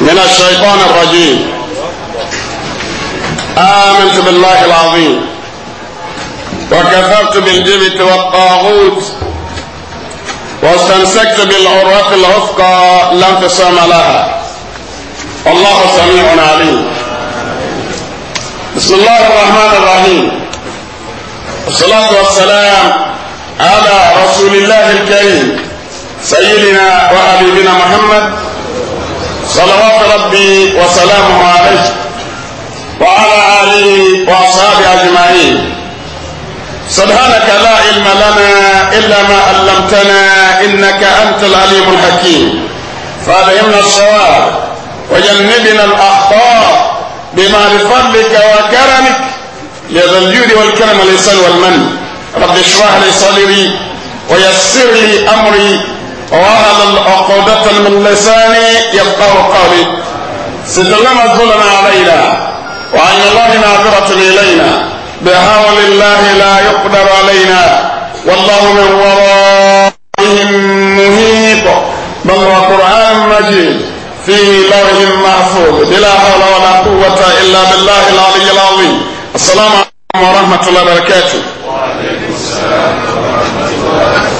من الشيطان الرجيم آمنت بالله العظيم وكفرت بالجبت والطاغوت واستمسكت بالعروة العفقى لا انفصام لها والله سميع عليم بسم الله الرحمن الرحيم والصلاة والسلام على رسول الله الكريم سيدنا وحبيبنا محمد صلوات ربي وسلامه عليه وعلى آله وأصحابه أجمعين سبحانك لا علم لنا إلا ما علمتنا إنك أنت العليم الحكيم فألهمنا الصواب وجنبنا الأخطاء بما لفضلك وكرمك يا ذا الجود والكرم والإحسان والمن رب اشرح لي صدري ويسر لي أمري وهل العقودة من لساني يبقى قولي سجلنا الظلم علينا وعين الله ناظرة إلينا بهول الله لا يقدر علينا والله من ورائهم مهيط بل وقرآن مجيد في لوح محفوظ بلا حول ولا قوة إلا بالله العلي العظيم السلام عليكم ورحمة الله وبركاته وعليكم السلام ورحمة الله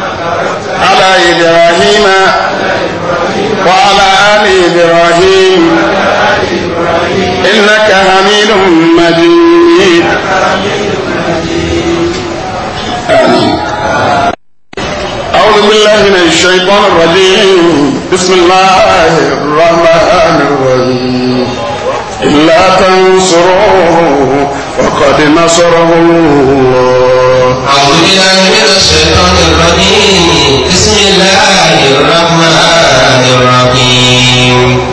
على إبراهيم وعلى آل إبراهيم إنك حميد مجيد آمين أعوذ بالله من الشيطان الرجيم بسم الله الرحمن الرحيم إلا تنصروه فقد نصره الله أعوذ بالله من الشيطان الرجيم بسم الله الرحمن الرحيم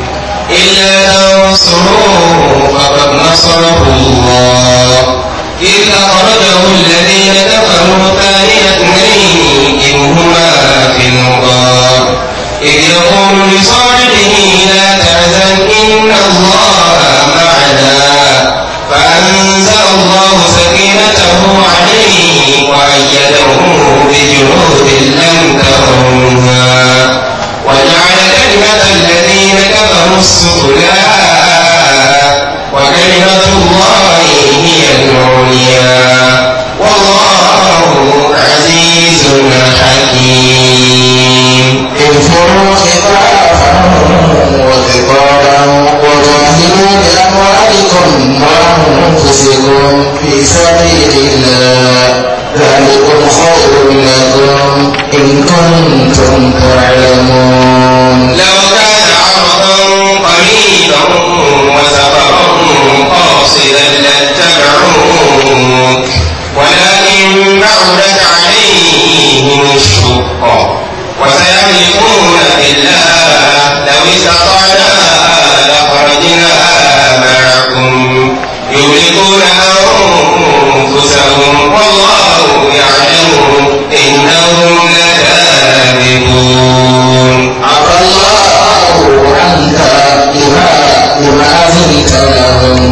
إلا تنصروه فقد نصره الله إذ أخرجه الذين كفروا ثاني اثنين إذ هما في الغار إذ يقول لصاحبه لا تحزن إن الله وأيدهم بجنود لم تروها وجعل كلمة الذين كفروا السفلى وكلمة الله هي العليا والله عزيز حكيم انفروا خفافا وثقالا وجاهدوا بأموالكم وأنفسكم في سبيل الله ذلكم خير لكم إن كنتم تعلمون لو كان عرضا قريبا وسفرا قاصدا لاتبعوك ولكن بعدت عليهم الشقة وسيحلفون بالله لو استطعنا لخرجنا معكم يهلكون أنفسهم والله يعلمهم إنهم لكاذبون عفى الله عنك بما بما أذنت لهم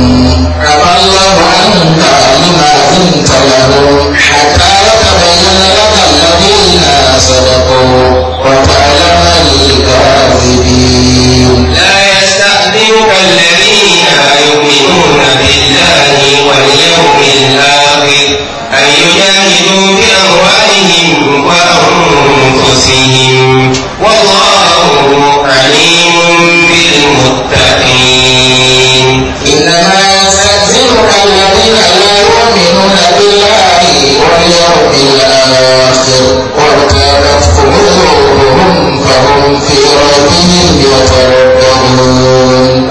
عفى الله عنك بما أذنت لهم حتى يتبين لك الذين صدقوا وتعلم لا يستأذنك الذين يؤمنون بالله واليوم الآخر أن يجاهدوا بأموالهم وأنفسهم والله عليم بالمتقين إنما يستهزئك الذين لا يؤمنون بالله واليوم الآخر قد كانت قلوبهم فهم في ريبهم يترددون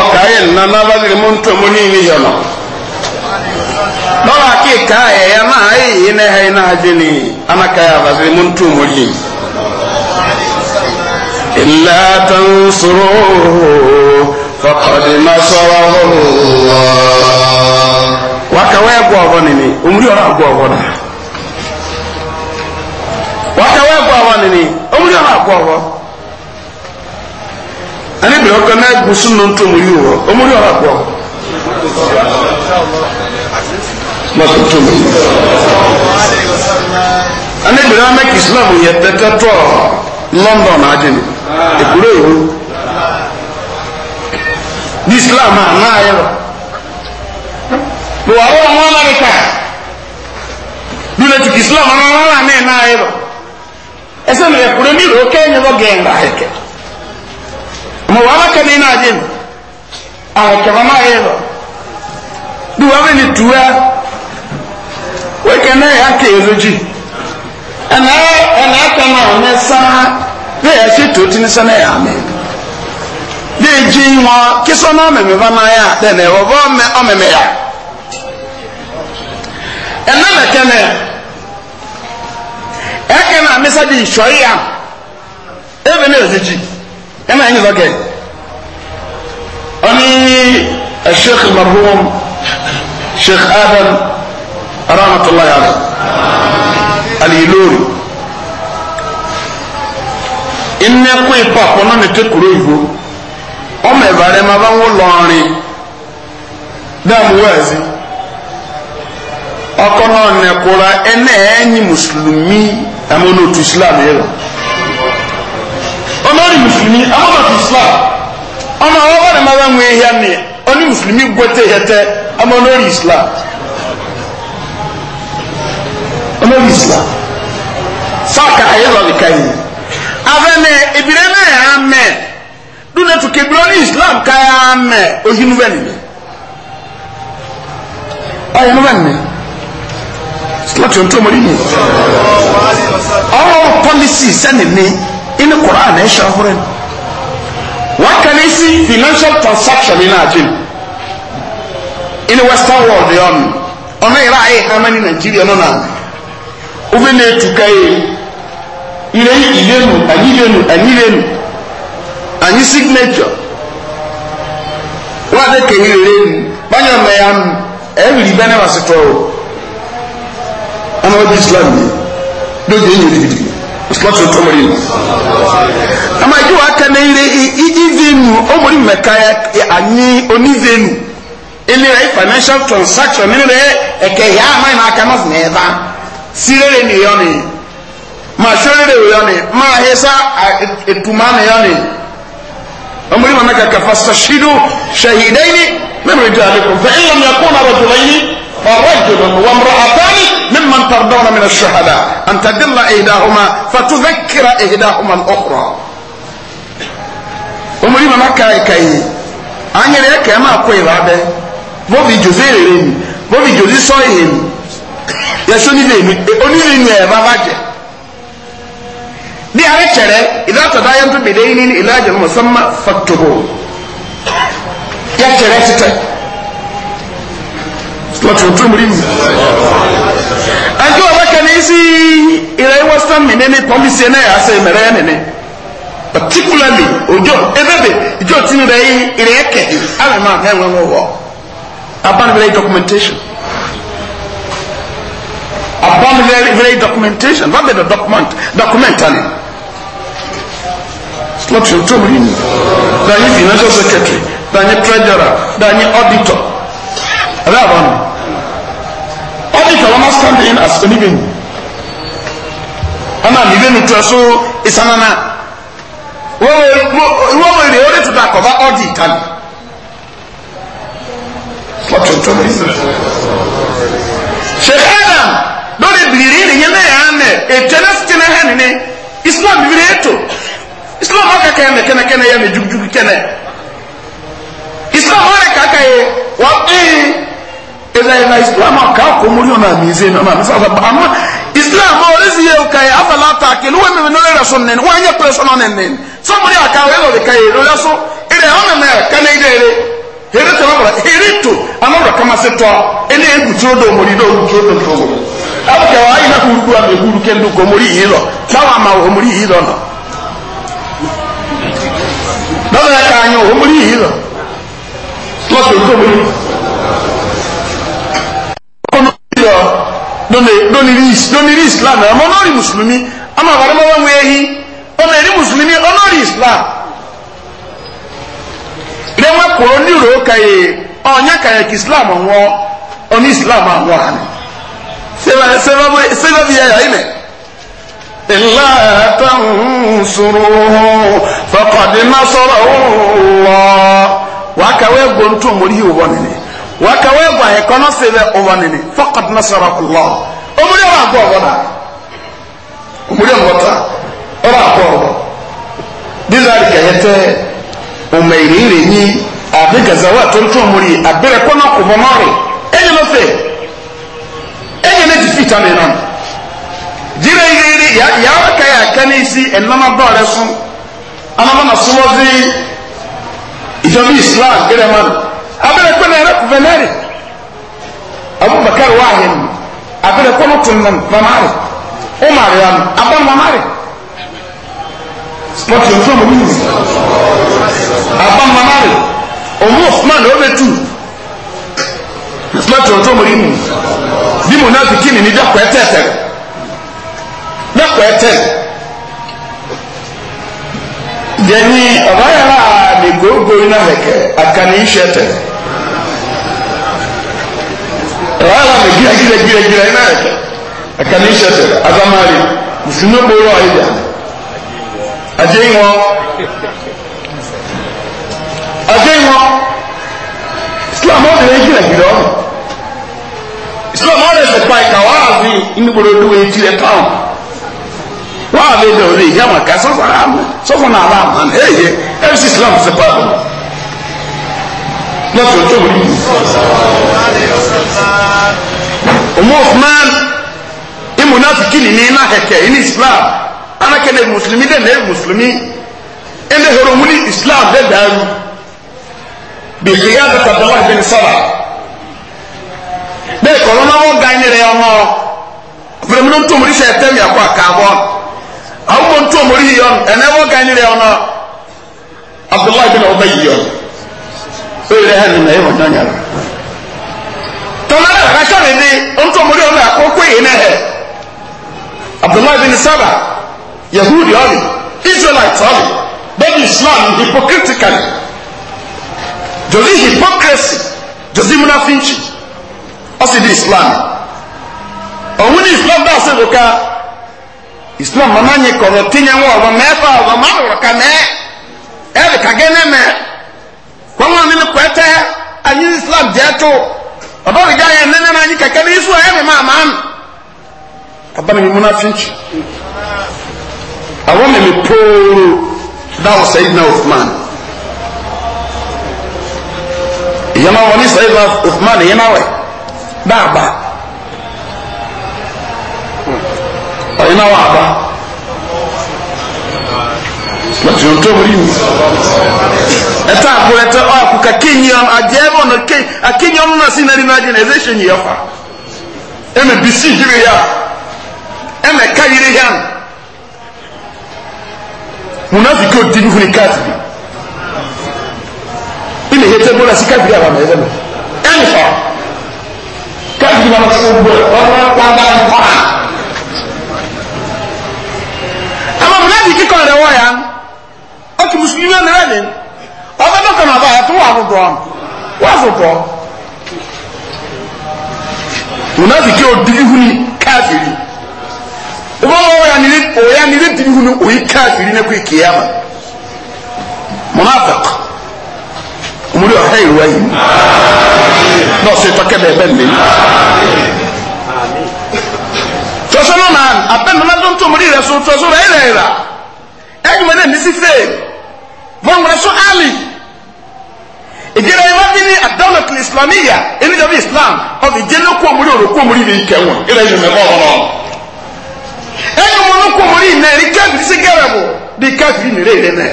ọ̀kàyẹ̀ nana bàtìrì na ntòmó na ìlú yọ̀nà lọ́wọ́ akéèká ẹ̀yà náà èyí na ẹ̀yà na ni anakaya bàtìrì mú ntòmó yìí. إلا تنصروه فقد نصره الله وكوي غوغونني عمري ورا غوغونا وكوي غوغونني ani bila ɔka na egu sunu nto mu yi wɔ ɔmu ni ɔra kɔ na ko to mu ani bila ɔmɛk islam yɛ tɛtɛ tɔ london adini ekuro ewu ni islam a naa yɛ wa wòwá wòwá wọn amẹrika dúró tukì islam wọn wọn wọn amẹ náà yẹ wa ɛsɛ mi ekuro mi ro kẹ́nyɛ bɔ gɛ̀ẹ́ngà yẹ kẹ́. mubaraka ni na jin arakaba ma yezo duwa be ni tuwa we kana ya ke yezo ji ana ana na ne sa be ya se to tin sa na ya me de ji wa kiso na me me ba na ya de ne wo ba me o me me ya ana me kana e na me sa di shoya ebe na yezo ji أنا عندي ذكر أني الشيخ المرحوم شيخ آدم رحمة الله عليه اليلوري إن أكو إباق ونمي تكرو إبو أما إبارة ما بانو لاني دام وازي أكو ناني قولا إن أني مسلمي أمونو تسلامي يلو ọmọdé mùsùlùmí amọ̀bàtì islam ọmọ àwọn ọmọdé mara ń wọ ehi àmì ọní mùsùlùmí gbẹtẹ yẹtẹ ọmọdé islam ọmọdé islam fáàkà islam káyà á mẹ́ ohinú bẹ́ẹ̀ nìyẹn ọ̀yẹ́ nù bẹ́ẹ̀ nìyẹn láti ọ̀n tó mọ̀ nínú. all policies sẹ́ni ini quran ẹ ṣe ọhụrụ wọn kàn ní see financial transaction ní In the western world yọ nù ọ̀nà ira e how many nàìjíríà nọ náà obi na etuka yi ire ile anyirenu anyirenu anyi signature wọn adé kẹyìn ìrẹnu báyọ̀ mẹ́yà nù ẹ̀rì bẹ́ẹ̀ náà wà sí tọ́ ọ ọmọ ọdún islam yìí lóde yìí ní dìbìdìbì islatu tomori ama yi wa aka n'ire iji venu omori mmeka ya anyi oni venu elera yi financial transaction nínú rẹ ẹkẹ ya ama yi n'aka n'ọsùn n'ẹba si rere ni yọ ni ma so rere yọ ni ma ahesa e, etuma ni yọ ni omori ma mẹka kafa sashidu shahidaini mẹmẹrẹ di alekun fẹ ẹ yọ ni ẹkọ na rọjò lẹyìn ọrọ ìjọba wọn rọ àtàlẹ. ممن ترضون من الشهداء أن تدل إحداهما فتذكر إحداهما الأخرى أمري ما كاي كاي أني لك ما أقول هذا mo fi jòzé rere mi mo fi jòzé sọ èyí mi yẹsọ nílé mi onílé mi ẹ̀ bá bàjẹ́ ní alẹ́ kyerẹ́ ìdátọ̀dá yẹn tó bèdè yín ní ìlàjọ mọ̀sánmá fàtòbò yẹ kyerẹ́ títẹ̀ lọ́tọ̀ tó mìíràn anjo abaka ne isi ire western mene ne policy na ya se mere ne ne particularly ojo ebebe ijo tinu re ire eke ala ma ka enwe wo aban very documentation aban very documentation what be the document Document, documentally slot your tomb in da ni financial secretary da ni treasurer da ni auditor ala ba ɔde hwɛ wɔn asande in as ɛni bɛn ɛna ne bɛn tura so esanana wɔn wɔn de ɔde to da kɔba ɔde itali ɔtuntun mi sheikh adam lórí bìrì ni yẹn náà yà á nẹ ètò ẹ̀ náà sì ti náà hẹ́ni ni islam bìrì ètò islam akẹ́kẹ́ yẹn kẹ́nẹ́kẹ́nẹ́ yẹn ní jugujugu kẹ́nẹ́ islam wọn rẹ̀ kàkà yẹ wọ́n pín ezali na islam ka komori ona mize na na sasa bama islam orezi ye ukai afala ta ke luwe me no era son nen wa nya preso no nen nen so mori aka we lo kai lo la so ere ona me ka ne ire here to mabra here to amara kama se to ene egutro do mori do egutro do to go abu ke wa ina ku ku ame ku ke ndu ko mori yilo sawa ma o mori yilo no dole ka anyo o mori yilo to so ko mori ọ doniri oh, islam na ama ọnọrị musulmi ama ọgbara mọwa nwee ehi ọna eri musulmi ọnọrị islam rewa kwụrụ ndị uro kaye ọnya kaye ka islam nwụọ ọna islam anwụọ anyị sebabi ya ya ime إلا تنصروه فقد نصره الله وكوي بنتم وليه ونني wakawe gwa ye kɔnɔ sebe ɔba nini fakad nasara kula ɔmuli ɔba gbɔ ɔba da ɔmuli ɔba ta ɔba gbɔ ɔba dizali ka yɛ tɛ ɔmɛ iriri nyi abe gazawa tontɔn muri abere kɔnɔ kubɔ mɔri enyi no fe enyi ne ti fi ta ne nɔ jire iriri ya yawa ka yɛ aka ne si ɛnama dɔɔrɛ so anamana sɔwɔzi ìjọba islam gẹlẹ mọ abin ko na yɛrɛ vɛnɛri abubakar waa hɛn abin ko no tun nan mamari umar yan aban mamari mɔti o fɛn mo mi yi aban mamari omu osman o bɛ tu mɔti o fɛn mo yi mu bí mo náà fi kí ni ní dẹ́kọ̀ ẹ tẹ́tẹ́ dẹ́kọ̀ ẹ tẹ́ yẹn ọ̀bá yàrá mi gbogbo iná hẹ̀kẹ́ àkànní iṣẹ́ rárá mi gíra gíra gíra gíra iná ẹ̀ka ẹ̀ka ní ìṣẹ̀ṣẹ̀ azamari mùsùlùmí gbòòrò àyíjà àjẹ́ ìwọ̀n àjẹ́ ìwọ̀n islam ọ̀dẹ̀ gíra gíra ọ̀nà islam ọ̀dẹ̀ sẹ̀pa ìka wáàzì ìnúgbòrò ìdúwẹ̀ ìjìlẹ̀ táwọn wáàbẹ̀ ìdẹ̀ òde ìjàmà ká sọ́fọ̀nà àmà sọ́fọ̀nà àmà àmà ẹ̀yẹ ẹ̀fisi islam sẹ̀pa àmà lọ́sọ̀ọ́ tó wù ọmọ usman imunafiki nìní iná hẹkẹ ní islam anakẹ́lẹ̀ mùsùlùmí dẹ̀ nẹ́ẹ̀ Muslimi ẹnlẹ́ horo wuli islam dẹ̀ dàrú bìkìyà dẹ̀ tàbílá ìbẹ̀ni sábà bẹ́ẹ̀ kọ̀ọ̀rọ̀ náà wọ́n ga ẹni rẹ̀ ọmọ ọ̀pẹ̀lẹ̀ múlò ntọ́ mòrí sẹ̀ ẹ̀tẹ́ mi àkọ́ àkàbọ̀ àwọn ọmọ ntọ́ mòrí yìí ọ̀n ẹ̀nẹ́ wọ́n ga ẹni rẹ̀ ọmọ abdullahi bin ọba yìí ọ̀n ó yẹ tọ́mọ́lá àkàṣà mi ní ntọ́mọ́lá ọ̀nà àkókò yìí náà hẹ̀ abdullahi bin saba yahudi ọ̀nì israelite islam hypocritically jòzí hypocrisy jòzí munafinchi ọ̀sì di islam òun ní islam bá ṣe islam mama nyi kọ̀rọ̀ tinyẹ wọn ọ̀rọ̀ mẹ́fà ọ̀rọ̀ máa wọ̀rọ̀ ká mẹ́ ẹ̀ e ẹ̀ kàgẹ́ nẹ́mẹ́ kọ́ńwá mi ni kọ́ ayé islam jẹ́ tó. ọba mi gya yẹn nínú náà yí kẹkẹ ní sùn ẹ mi máa máa mi ọba mi múná fíjì àwọn mi mi póòrò dáwọ sẹyìn náà ọfman ìyẹn náà wọ ní sẹyìn náà ọfman ìyẹn náà wẹ dáàbà ọyẹn náà wọ àbá lọtìrì tó wọlé mi ɛtɔ agorɔ ɛtɔ ɔko kakenyiam agyeɛ bɔ no ke akenyiam no na si na ni na agye na ɛsɛ hyɛ nyiɛ fa ɛmɛ bisi yiri ya ɛmɛ ka yiri ya no munafi kɛ odi nihuni kaati bi ɛmɛ yɛ tɛ bɔra sika biri awa ma ɛsɛ no ɛmɛ fa kaati bi ma ma fo bɔ ɔba waba nkɔra ama munafi kikɔ rɛ wɔ ya ɔkè musulmi yɛ nira ne ọ̀sán náà báyà tó wà fòdò ọ̀nà wà fòdò ọ̀nà munafiki odibihuni kafiri ìbọn ọ̀yanire ọ̀yanire dibihuni oyi kafiri n'ekwe kiyama munafik omuli ọ̀hẹ́ ìwé yìí náà ṣe tọ́kẹ́ bẹ́ẹ̀ bẹ́ẹ̀ mi. tọ́sọ́nù náà abẹ́numá tó ń tó omuli rẹ̀ sọ tọ́sọ́nù rẹ̀ rẹ̀ rà ẹ̀yìn mọ́ náà ní sí fèé bọ́ǹgbọ̀n rẹ̀ sọ áàlì ìjẹ́rẹ́ yẹn wájú ní àdánù islamiyya ẹni dàbí islam ọ̀bì jẹ́ ló kó omori òrò kó omori ní ìkẹwọn ìrẹ́ yẹn mẹ́kọ́ ọ̀rọ̀ ẹni wọn ló kó omori ìnà ẹni káfíìrì sí gẹ́rẹ́ bò bí káfíìrì nìrẹ́ ìrẹ́ mẹ́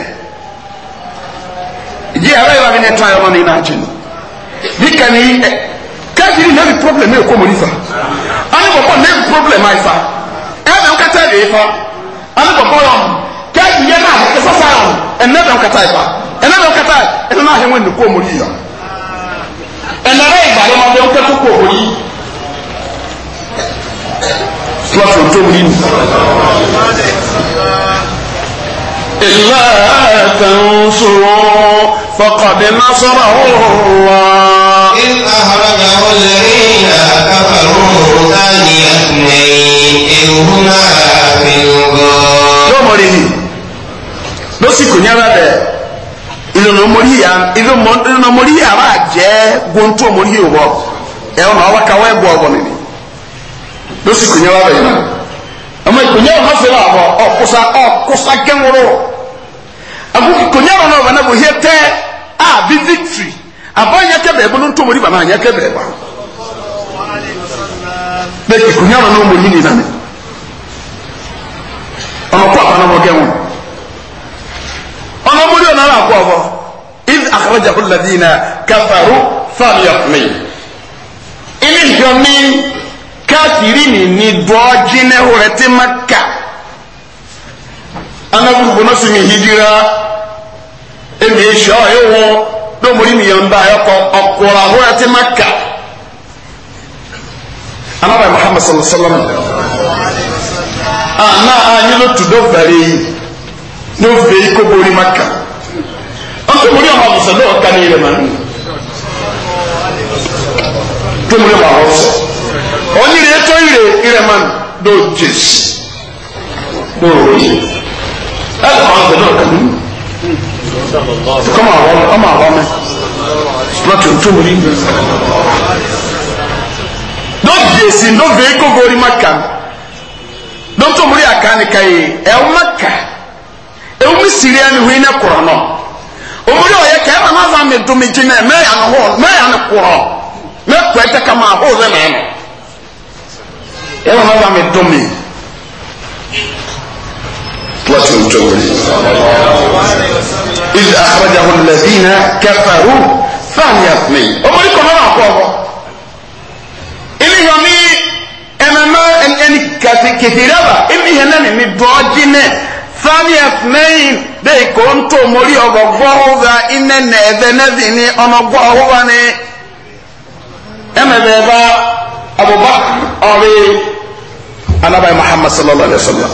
ìjẹ́ ẹ̀rọ yẹn wájú ní ẹ̀tọ́ ayọ́mọ́ ní ìnájú ni bí kẹ́ni káfíìrì náà bí problem ẹ̀ kó omori fa ọ̀nà bọ̀bọ̀ náà bí problem ẹ̀ fa ẹ̀ẹ́dẹ̀ nkata ẹ̀ ɛnɛ bɛ kata ɛnɛ n'a hɛn wɛ ne ko mori yɔ ɛnɛ bɛ ìgbàlẹ̀ ma bɛ nkɛ tó ko mori filafo tó mori ni. إلا تنصروا فقد نصره الله إذ أخرجه الذين كفروا ثاني اثنين إذ هما في الغار. يوم ليه؟ لو سيكون يا ìrìnà mọ̀rí yà ìrìnà mọ̀rí yà bá jẹ́ gbóntú mọ̀rí yà wọ̀ ẹ̀ ọ̀nà ọwọ́ kawọ́ ẹ̀ bọ̀ ọ̀bọ̀ nìyí lọ́sì kùnyẹ́ wà bẹ̀yìn náà ọmọ ìkùnyẹ́ wà fẹ́ wà bọ̀ ọ̀kùsà ọ̀kùsà gẹ́wòrò àbú ìkùnyẹ́ wà náà wà náà bò hiẹ́ tẹ́ a bí victory àbá yẹ kẹ́bẹ̀ ẹ̀ bọ́ lóńtó mọ̀rí bàmá yẹ kẹ́bẹ̀ ẹ̀ wà. bẹ́ẹ̀ ìkùnyẹ́ wà náà mọ̀ ọmọ múlí ọ̀nà àrà àkọ́ ọ̀bọ if àkàràjà kó ladi na káfàrú fàlíọ̀mì ilé ìjọmi káfìrí ni ní dọ́ọ́jì náà rẹ̀ ti má kà anaburubu náà sì mi hijira èmi èsì ọ̀ ẹ̀ wọ́n dọ́mọ̀rí mi yàn bá ọkọ̀ ọ̀kùnrin àhó rẹ̀ ti má kà anabai muhammad sallallahu alaihi wa sallam ana anyi lo tudo fari n'o fɛ i ko bori ma kan ɔsɛ mori ɔmɔ musa n'o ka ne yɛlɛma n'o tomule ma ɔrɔ sɔ ɔnyere etɔ ire yɛlɛma n'o jesi n'o yi ɛna ɔmɔ musa n'o a ne kɔmi awɔ ɔmɔ awɔ mɛ lɔtɔ tomuli n'o jesi n'o fɛ i ko bori ma kan n'o tomuli a kan ne ka ye ɛwɔ ma kan ewu siri ɛni hui ne korɔ no omori ɔyɛ kɛmɛ ma fa mi dumi gyina mɛ yà ni hɔ mɛ yà ni korɔ mɛ kɔ ɛtɛ kama hɔ rɛ mɛ no ɛmɛ ma fa mi dumi wàtí o tó wuli ilé akarajahu lẹbìnà kẹfàrú fáàlì àfúnmi omori kɔnɔ náà kɔ ɔkɔ ilé ɛmɛ mɛ ɛni kẹfì kẹfì rẹ ebi yẹn náà ni mi dɔɔ di nɛ sani ɛsinayin de konto mori ɔbɔ gbɔhova ine na ɛbɛ nɛbi ni ɔnɔ gbɔhova ni ɛmɛ bɛ ba abuba ɔri anabai muhammad sallallahu alaihi wa sallam.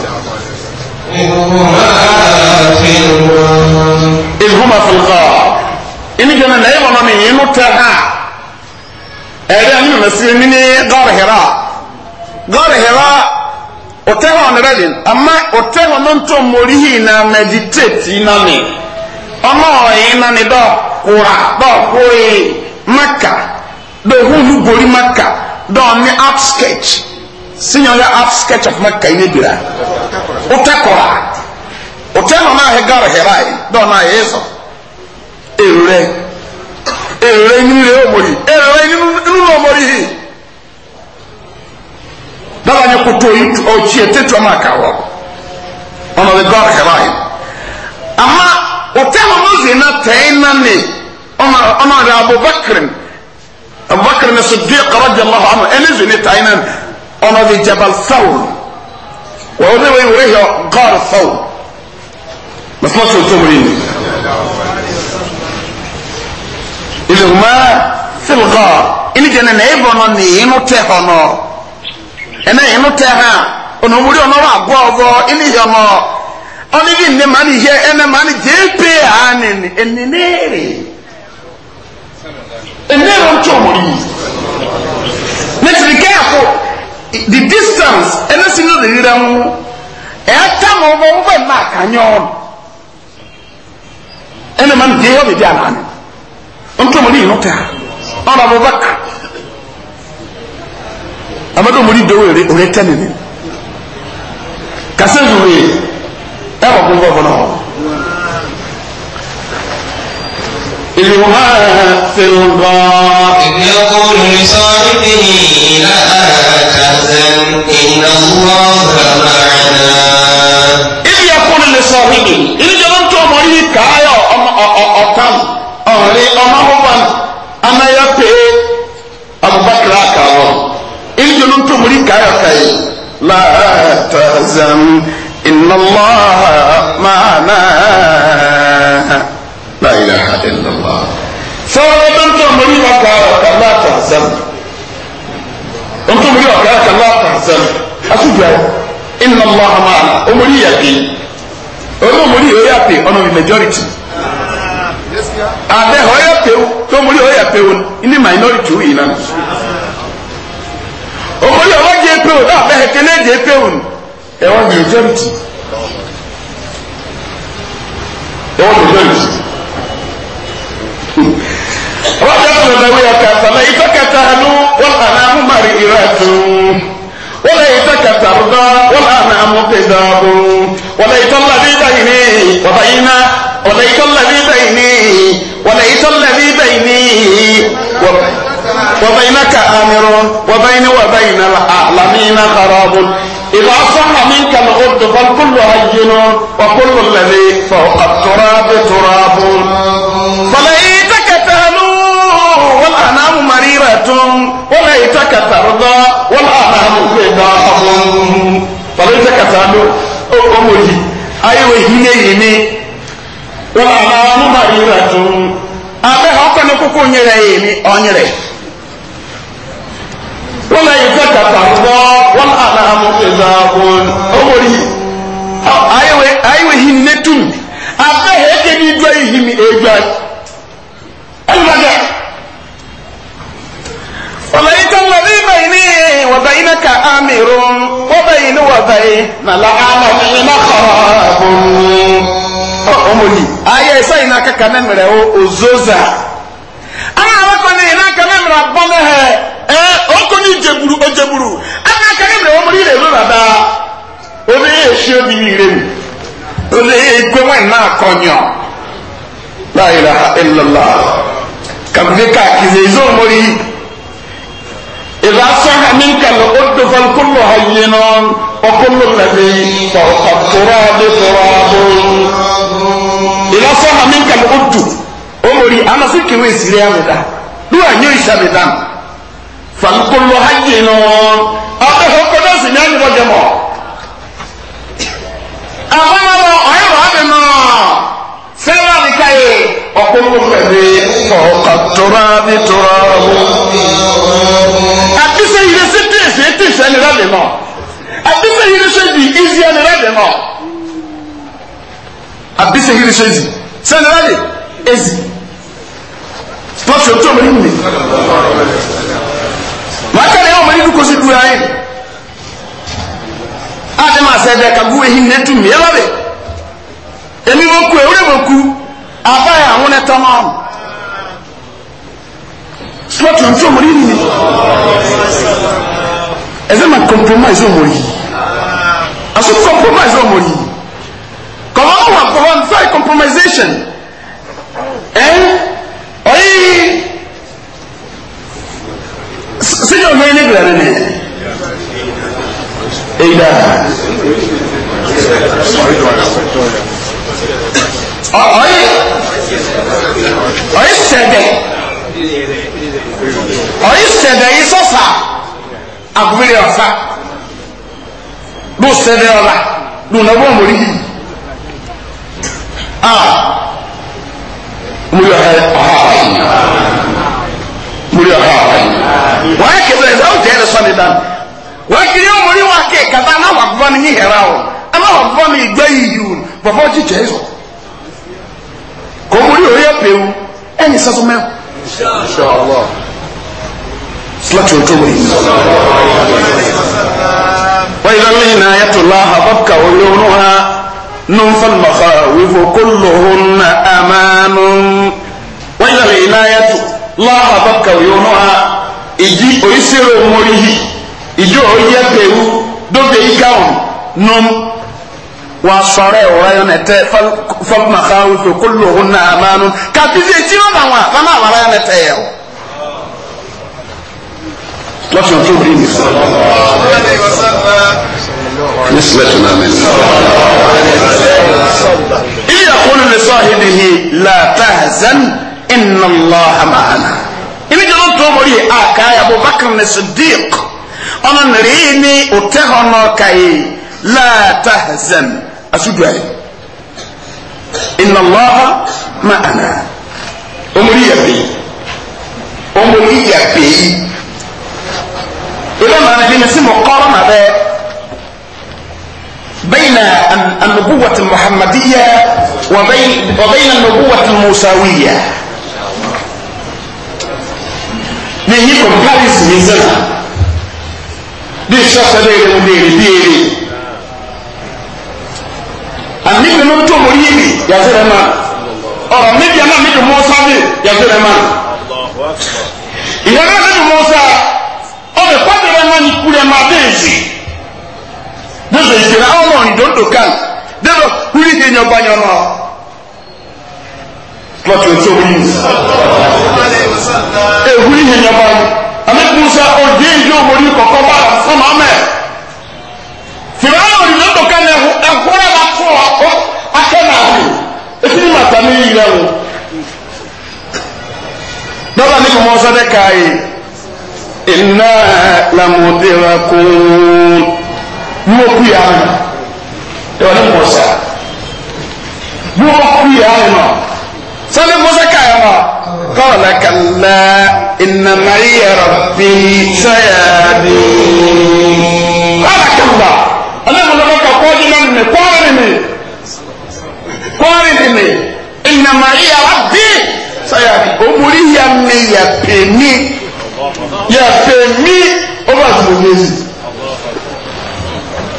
ilhuma filqa ini jɛnɛ na eba nɔmi inu tɛ ha ɛri ani mɛmɛ si ni ni gɔri hira gɔri hira. oteho onredin ama oteho no nto morihi na meditate na ni ọmọ ọ̀yìn na ni dọ̀ kura dọ̀ kúrì maka dọ̀ húhu gori maka dọ̀ ni outsketch sinyɔnya outsketch of maka yìí bira otekora oteho náà he gari hera yi dọ̀ náà yẹ zọ èrè èrè nínú rẹ̀ ọmọ yìí èrè nínú nye dabanye kutoyi ochiye tetwa makawa ono the god herai ama otema muzi na taina ni ono ono da Abu bakrin Abu bakrin na Siddiq radiyallahu anhu enizi ni taina ono the Jabal Thawr wa ono udewe yurehi gar Thawr masmasu tumrini iluma في الغار إن جنن إبنا نينو تهنو ɛnɛ yɛn no tɛ ha ɔnà omori ɔnà wa gbɔ ɔbɔ ɛni yɛ ɔmɔ ɔni ne ma ni yɛ ɛnɛ ma ni jɛ pe ha ni ɛni neere ɛnɛ yɛ ɔntɛ ɔmori ne ti the distance ɛnɛ si no de yira ŋu ɛɛta e ma ɔbɔ ɔbɛ ma ka nyɔɔ ɛnɛ ma ni jɛ yɛ ɔbɛ bi a ni ɔntɛ ɔmori yɛ tɛ ha ɔnà bɛ ka do mori dowo ere ore tẹni ni kase zuwe ẹ wọ kún fọfọ náà ìlúwà fìlùbọ. ìbí ọkùnrin ní sọ́ọ́rì bí ìlà àkàzẹ́n iná wọ́ gbàmàrà. ìbí ọkùnrin ní sọ́ọ́rì bí ìjọba tó mọ yìí káyọ̀ ọ̀kan ọ̀rẹ́ ọmọ ọ̀bọ̀n anáyọ̀ pé abubakar tó múrí káyọ̀ káyì látàzàm ìnàlọ́ màánà láyé àdéhùnlọ́. sọ́wọ́n tó ń tó múrí káyọ̀ káyọ̀ látàzàm tó ń tó múrí káyọ̀ káyọ̀ látàzàm asúgbà ìnàlọ́ màánà omúrí yàgbé omúrí yóò yàgbé ọ̀nà mi majority àbẹ̀họ̀ yàgbé tó múrí yóò yàgbé wọn ní minority yìí náà omori ọba jẹ epe o náà bẹ́ẹ̀ kele jẹ epe o nù ẹ̀wọ̀n ní ojúmtì ẹ̀wọ̀n ní ojúmtì. wọ́n jẹ́ ọ̀nà ìdáwó yà ká sàmà ìtọ́kẹta àánú wọ́n àná amúmarì ìrẹ́tù wọ́n lè ìtọ́kẹta àrùdá wọ́n àná amúkẹ́dàbò wọ́n lè ìtọ́lá bí báyìí ní wọ́n báyìí ná wọ́n lè ìtọ́lá bí báyìí ní wọ́n lè ìtọ́lá. وبينك آمر وبيني وبين العالمين خراب إذا صح منك الغد فالكل هين وكل الذي فوق التراب تراب فليتك تهلو والأنام مريرة وليتك ترضى والأنام بضاء فليتك تهلو أمري أيوه هنا يمي والأنام مريرة أبي هكذا نكوكو نيري يمي wọ́n yìí fẹ́ kàtà àná amúfẹ́sà wọn. ọmọdé ayiwe ayiwe hin ne tum hẹ́kẹ́ ní ìjọ yìí hin egba ẹnìbàjẹ́. وبينك الذي بيني وبينك آمر وبين وبين لعالمين خراب أمني آية سينا كنمرة أزوزة أنا أقول لك نمرة ni jeburu o jeburu ana kari mi ọmọ rire ló dada olè èsì omi rire mu olè gbẹwọn náà kọnyọ láyìlá ìlọlá kàbíyé káàkiri èzó mori ìlà sọ́hà mi kàlọ́ ó dòfò kúlò ọ̀yẹ́ náà ọkùnrin lẹ́bi ọ̀kọ̀tọ̀rọ̀ bí tọ̀rọ̀ bó ìlà sọ́hà mi kàlọ́ ó dù ó mori anasi kiri èsì rẹ̀ àmì dá lóò ànyó ìsàmì dá mi. فالكل هين أبه قدس من وجمع أهم الله أيضا بما سيرا لكي وكل الذي فوق التراب تراب أبي سيدي ستي ستي سيدي ربما أبي سيدي سيدي إزي ربما أبي سيدي سيدي سيدي ربما إزي Pọ́sù tó mọ̀ nínú mi. wakana yao mali duko sidura yin ate ma se ehi netu mi emi ya won eta ma am so to nso mori eze ma compromise o mori compromise o mori kọ̀wọ́ wà kọ̀wọ́ nfa ọ síjọ́ ní ẹni gbẹ̀rẹ̀ ni ìdá ọ̀yí ọ̀yí sẹ̀dẹ̀ ọ̀yí sẹ̀dẹ̀ yìí sọ́fà àgùnbẹ̀rẹ̀ ọ̀fà ló sẹ̀dẹ̀ ọ̀la ló nà bọ́ mọ̀rí yìí ah mo yọ ọ̀hà dan wakiri omori wake kata ana wakuba ni nyihera o ana wakuba ni igbe yiyu bàbá ọjì jẹ ẹzọ kò omori oyè pewu ẹni sẹsọ mẹw. Slati o tobo yi. Wa idan lẹ́yìn náà yàtọ̀ láha bàbá wo yóò ha nùfà màkà wíwò kúlùhùn na àmánu. Wa idan lẹ́yìn náà yàtọ̀ láha bàbá wo yóò ha iji oisere omorihi ijo oye pewu dobe igawon num wa sọrọ ẹwọrọ yẹn nẹtẹ fọlùmọ káwọn fẹ kó lò hún náà mánú kàbíyèsí etí náà náà wọn àfọmọ àwọrọ yẹn yẹ o. lọ́sùn tó bí mi. ní sílẹ̀tù náà mi. ilé àkóónù lè sọ àhídìhì làtàzán iná lọ́hàmáhánà. omori akaya abubakar ne siddiq ɔno nere ni ote hɔ no kae la tahzan asuduaye inna allaha ma'ana omori yɛ pɛyi omori yɛ pɛyi ilé maana bi ne si mo kɔrɔ na bɛ بين النبوة المحمدية وبين, وبين النبوة الموسوية ne yi comparison yi zana bi sasa de yɛrɛ de yɛrɛ bi yɛrɛ ani bi n'o tó mori yi bi yasi rɛ ma ɔ oh, mi bi ana mi bi mɔsa bi yasi rɛ ma ìyàrá mi bi mɔsa ɔ bɛ pàtó rɛ ma ni ku rɛ ma bɛ zi ne bɛ zi rɛ ɔmɔ ni dondo kan ne bɛ wuli k'i ɲɛ ba ɲɛ ma. Lọ́tí o tó wí ehuri hinya ba yi ame kusa odi ndi omori kɔkɔ ba fama mɛ firawo yina doka na ɛho ɛhora na to ɔkɔ akɛ na ahu etini ma ta ne yiyira wo dɔba ne kɔmɔ sɛ de kaa yi ina lamudira koon mo ku ya ano ɛwɔ ne mɔ sa mo ku ya ano sani mo sɛ kaa ya ma. قال كلا إن معي ربي سيهدين قال كلا أنا من ربك قادما من قارني قارني إن معي ربي سيهدين أمري يمي يبني يبني أبغى تبني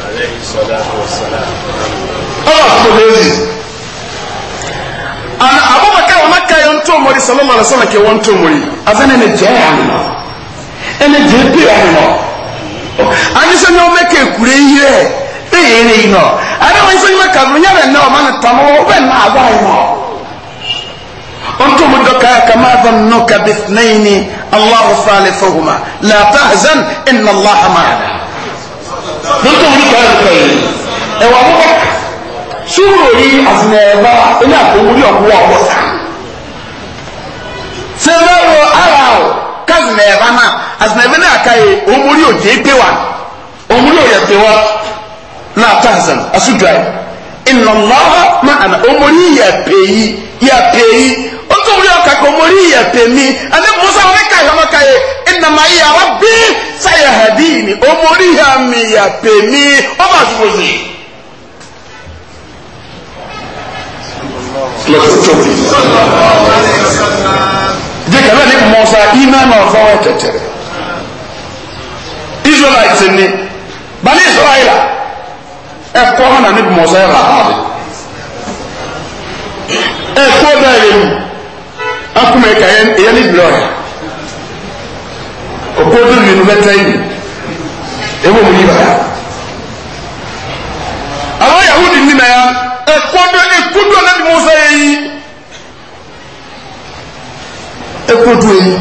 عليه الصلاة والسلام أبغى تبني أنا أبغى tó mori sọlọmọ alẹ sọlọ kẹ wọn tó mori afẹnẹ ni jẹ yàrá nọ ẹni jẹ pé yàrá nọ anyisẹ ni wọn bẹ kẹ kure yi rẹ ẹ yẹ ẹni yìí nọ ẹni wọn sọ yìí bẹ kàbí nyẹ bẹ nà ọmọ ni tàmú wọn bẹ nà àgbà yìí nọ wọn tó mori dọkà yà kàmá dàn nù kàbí nàyìn aláwọ fàlẹ fọwọmà làtà zan ẹnna aláha wọn tó mori kàwé kàwé ẹwà wọn bọ sùúrù yìí àfìnà ẹ̀ bá ẹni àkọ́wé ọ̀gbọ́n ọ̀gbọ́n sáà. sẹ́wọ́rọ̀ ara ọ̀ kásìmẹ̀ ẹ̀bá náà àsìmẹ̀bẹ̀ náà káyé òmùrí òjì pé òmùrí òyẹ̀ pé náà tàzán àsùjọ ẹ̀ ìnànlọ́wọ́ máa nà òmùrí yẹ̀ pé yí yẹ̀ pé yí ó tó wúlò ọ̀kà kò òmùrí yẹ̀ pé mi àti musa wọn ká ìhọ́mọ́ káyé ìnàmà yìí àwọn bí ni òmùrí yà mí ó bá tó tó bí. dịka na n'ibu mụsa ime na ọzọ tetere israelite ni bani israel ẹkọ ha na n'ibu mụsa ya na ahadị ẹkọ da ya mu akwụmọ ka ya n'ibu lọrọ ọkọ duru yi n'ubẹta yi ewu omu yiba ya àwọn yahudi nínú ya ẹkọ do ẹkọ do na n'ibu mụsa ya yi. ekutu yi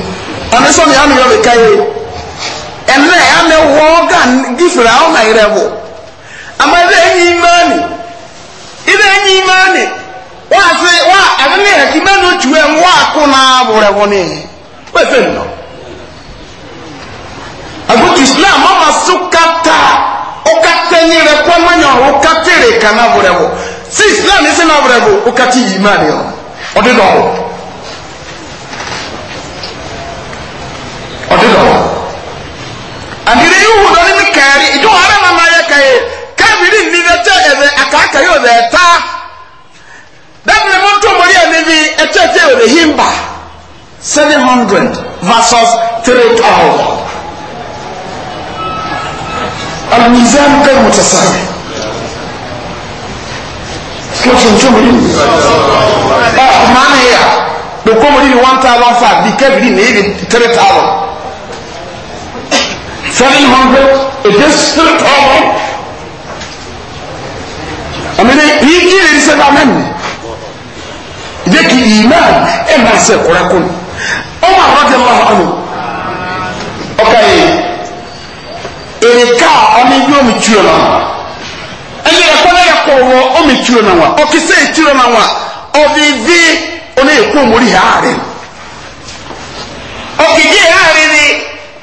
ɔno sɔmi ame yɔ ka ɛnna ame wɔ gan na e, ama enyi imaani ɛdɛ enyi imaani wa ɛdɛ ne yɛrɛ kima no tu ɛmu waako naa bɔrɛ wɔ ne islam ama so kata ɔkata kɔ ma ɔkata kana bɔrɛ wɔ si islam na ɔkata yi ɔde ọdịdọ ahịrị ihu dọ n'ime kaarị ịjụ ọrụ na mmanya kaị kabiri nnile che ebe akaka ya ọdọ ẹta dabere mụ ntụ mọrị emebi eche eche ọdọ ehi Seven hundred versus 3000 الميزان غير متساوي lọ́sùn tó mú nínú ọ̀hún máa ń hẹ́yà lókòmù nínú one thousand five bí kẹ́bìrì ní eighty three thousand. 700 it is still problem amene yigire rise bamene ije ki iman ema a kura kun omar radiyallahu anhu okay erika ami bi omi tuo na ɛyɛ ɛkɔla yɛ kɔwɔ omi tuo na wa ɔkisɛ etuo na wa ɔvivi ɔne ɔkidi ha ni.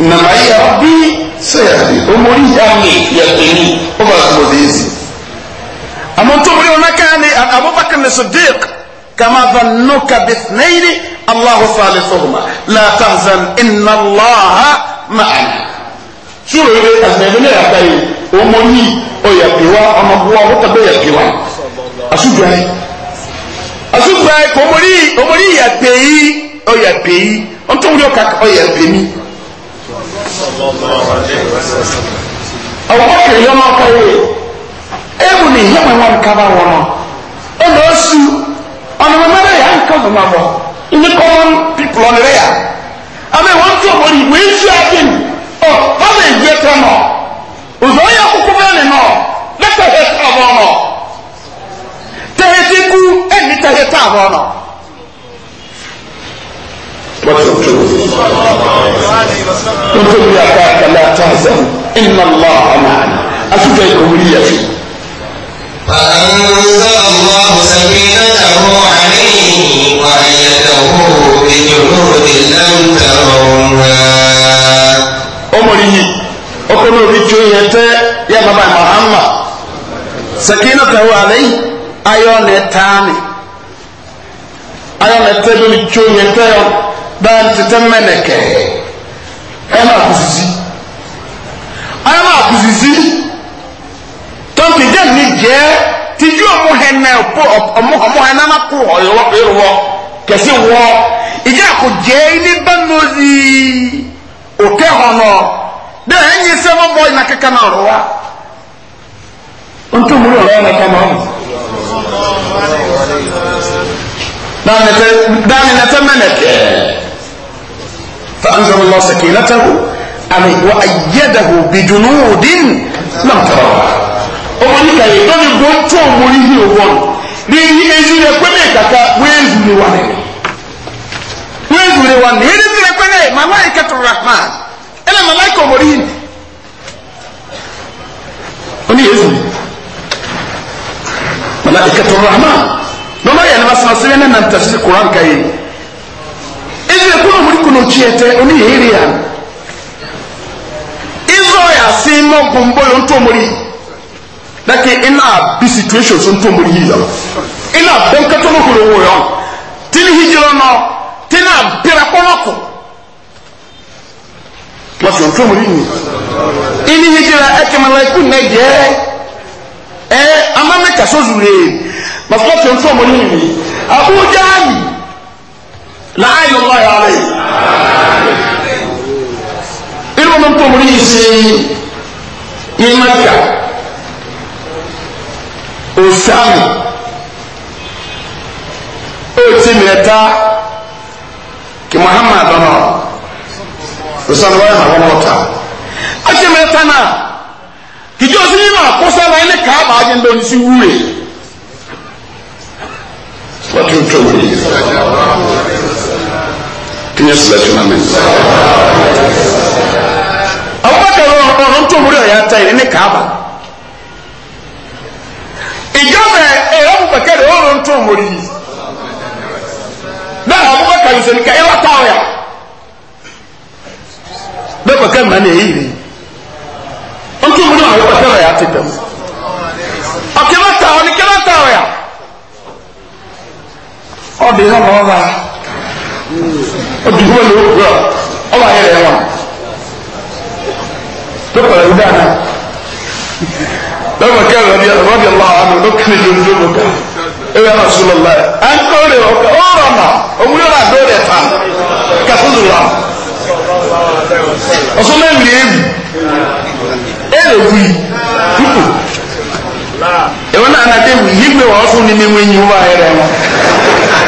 ìnàmà yìí àwọn bí sèyàdì omori yàmi yàtọ̀ni ó bá sọ̀rọ̀ déèzì. àmọ́ tó wọlé wọn ká ní abubakar ní sadiq kama zannuka bithnayni allahu salisuhuma la tahzan inna allaha ma'ana. sùrù yìí àtẹ̀yẹ́ ní yàtọ̀ yìí omori ọ̀yàpẹ̀wá ọmọbùwá ó tàbí yàpẹ̀wá àṣùgbà yìí àṣùgbà yìí omori omori yàpẹ̀ yìí ọ̀yàpẹ̀ yìí ọ̀ntọ́wọ́lẹ́ ọ̀kà ọwọ ọkọ yìí ọmọ ọkọ yìí ewu ni ihe mwe nwan kaba wọ nọ ọna osu ọna mmemme ya nka bụ ma bọ ndị kọmọn pipụl ọnere ya ama ewu ntụ ọgbọ igwe esu adị m ọ ọ na-eji eto nọ ụzọ onye akwụkwọ bee nọ leta heta abụọ nọ tehete ku enyi tehete abụọ nọ وتركوه قلتم يا باك لا تحزن إن الله معنا أفكيكم لي فيه فأنزل الله سكينته عليه وأيده بجنود لم تروها أمره أقول بجنود يا بابا محمد سكينته عليه أيون تاني أيون تاني بجنود dan tete mmeneke ɛna akuzizi ɛna akuzizi tɔmpi dɛm ni jɛ tiju ɔmo hɛnɛ ɔpo ɔmo ɔmo hɛnɛ anako ɔyɔwɔ ɛwɔ kɛse wɔ ìdí àkó jɛ ɛni bɛnbozi òkè hɔnɔ dɛ ɛnyɛ sɛmɔ bɔ na ɔrɔ wa ntoma فأنزل الله سكينته عليه وأيده بجنود لم تروها ọmọ níka yìí lọ́ni gbọ́ tó ọmọ yìí òwọ́n ní yí èyí rẹ̀ pẹ́lẹ́ kàkà wéèzù ni wà ní wéèzù ni wà ní èyí ti rẹ̀ pẹ́lẹ́ màláìka tó rahma ẹ̀nà màláìka ọmọ yìí ni ó ní yéèzù màláìka tó rahma lọ́nà yẹn ni wọ́n sàn sílẹ̀ náà nà ń tẹ̀sí kuran kàyé ɛdini ɛkó na ɔmòdì kò na ɔkyi ɛtɛ ɔni yɛ ɛyɛ ya israel ase ma gbɔngbɔ yɛ ntɔ ɔmòdì dake ɛna bi situation so ntɔ ɔmòdì yi yɛlɛ ɛna bɛnkɛtɔ no kò na ɔwɔ yɛ tini hijira nɔ tini abira kɔnɔkɔ lọsọ ntɔ ɔmòdì yi ɛni hijira ɛkɛmɛlɛ ɛkó na ɛdiɛ ɛ amamɛ kaso zure lọsọ ntɔ ɔmòdì yi abuja yi láàyè ọlọ́ yà rẹ̀ irú mi tó múlí yìí sí ní mẹ́kà òsàmì òtí mẹ́ta kí muhammad ọ̀nà òsàmì wáyé màá wọ́n mọ́ta ọ̀sẹ̀ mẹ́ta náà kìjì òsì yìí máa kó sára ẹni káàbà ajé ńlọ ní sí wúwe wọ́n tún tó múlí nyɛ silatu amen abubakar ɔno ntomori ɔyɛ atayi ne kaaba ìjọba ẹ̀rọ abubakar ɔno ntomori náà abubakar sọ ní ká ẹ̀rọ atáwọ̀ yà bẹ́ẹ̀ kọ̀kẹ́ mìíràn ní èyí rèé ntomori ɔyɛ abubakar ɔyɛ atayi bẹ́ẹ̀ mu ọ̀kẹ́ mẹ́ta ọ̀ ní kẹ́ mẹ́ta ọ̀ yà ọ̀dẹ̀ yà lọ́wọ́ báyìí. ojúgbọ́n ló gbọ́ ọba ayẹyẹ wọn tó kọ̀ ẹ̀rú dáná lọ́wọ́ kẹ́ ẹ̀rọ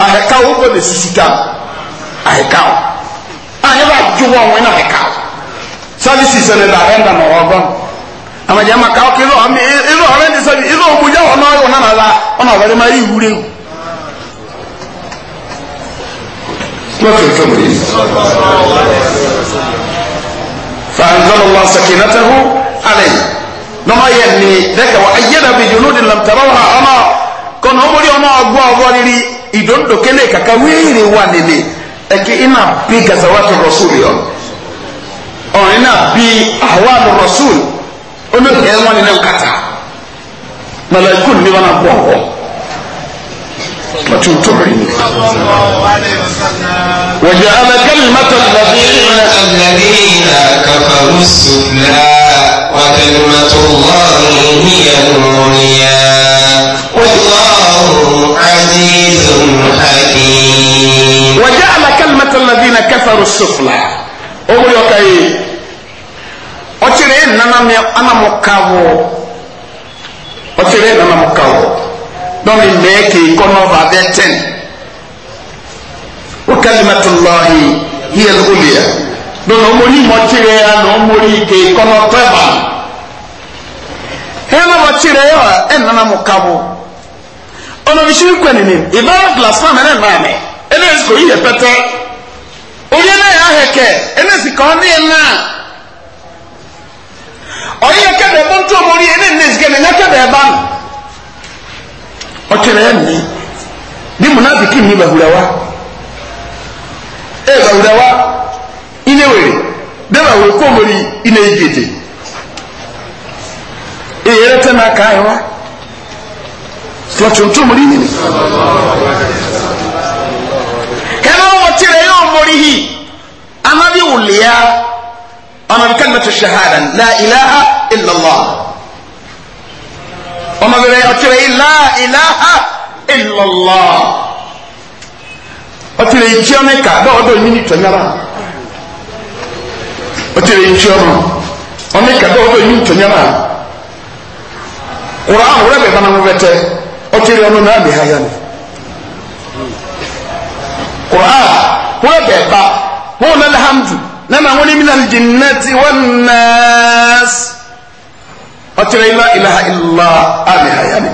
ahɛka wo bɔ ne susu ta ahɛka wo a yɛ b'a ju wɔn wɛn ahɛka wo sani sise ne da ɛnda na ɔwɔ dɔn amadi ama ka ɔkè lɔɔ mi ilé ɔrɛ ni sɛbi ilé ɔmuja wɔn n'ɔyɛ wɔn nana la ɔna ɔbɛrɛ ma yi wure o. فأنزل الله سكينته عليه نما يني ذاك وأيد بجنود لم تروها أما كن هم اليوم أقوى ظالري idondo kele kaka were wanele eke ina bi gazawatu rasul yon on ina bi ahwal rasul ono ke wani na kata malaikun ni wana kwa kwa matutumri وجعل كلمة الذين الذين كفروا السفلى وكلمة الله هي العليا والله عزيز حكيم وجعل كلمة الذين كفروا السفلى أمي وكاي أتري أنا أنا مكاو أتري أنا مكاو دون الميكي كونو بعدين وكلمة الله هي العليا دون أمي ما تري أنا أمي كي كونو تبان hema bachire yo enna na mukabo ono bishiri kwene ni ibara plasma mena mame ene ziko ihe pete oye na ya heke ene ziko ni na oye ke de bonto mori ene ne zike ne na ke de ban ochire ni ni munafiki ni bahurawa e bahurawa ine were de bahurawa ko mori ine igete èyí rẹ tẹ́ náà káyọ̀ wá tọ̀tún tó mọ̀rí nìyí. kẹ́lá wọ́n tirẹ̀ yóò mọ̀rí yìí anabi wùlíyà ọmọbi kẹ́lẹ́mẹ̀tò ṣahada la ilaha illallah ọmọbi rẹ̀ ọ̀tirẹ̀ yìí la ilaha illallah ọ̀tirẹ̀ yìí tíọ́ mẹ́ka bẹ́ẹ̀ ọ̀dọ̀ yìí ní tọ̀nyára ọ̀tirẹ̀ yìí tíọ́ mọ̀ ọ̀mẹ́ka bẹ́ẹ̀ ọ̀dọ̀ yìí ní tọ̀nyára quran wura bɛ bana wɛtɛ ɔtiri ɔno na bi haya ni quran wura bɛ ba wɔn na alhamdu na na wɔn mina jinnati wɔn naas ɔtiri oh, la ilaha illa abi haya ni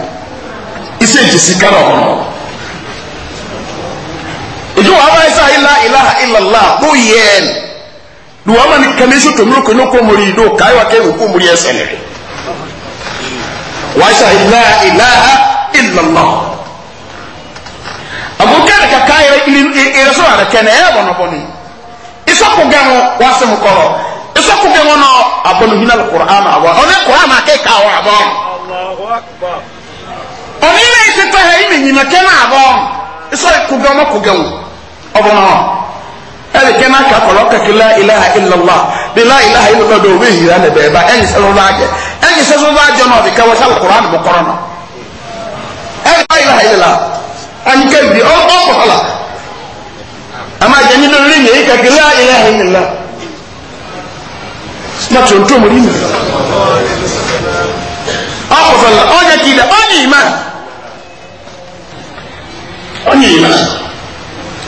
ise jesi kara ɔkɔnɔ ìjọ wa báyìí sáà ilá ilaha ilàlá ló yẹ ẹ ni wàá ma ni kàmísù tòmúrò kò ní kò mórí ìdó káyọ̀ kẹ́hìn kò mórí ẹsẹ̀ nìyẹn. واشهد لا اله الا الله ابو كان كاي رسول الله كان يا بنو بني اسوكو غانو واسم كورو اسوكو غانو نو ابو من القران ابو انا القران كاي كاو ابو الله اكبر oni na ise ta ha ime nyina kena abo iso kuga e ma kuga wo obo na ele kena ka kolo ka la ilaha illallah bi la ilaha illallah do we hira ne be ba en sallallahu أي سبب جنا بك وصل القرآن بقرآن أي لا إله إلا الله أن كبر أو أو فلا أما جنين الرين يك لا إله إلا الله ما تنتم رين أو فلا أني كذا أني إيمان أني إيمان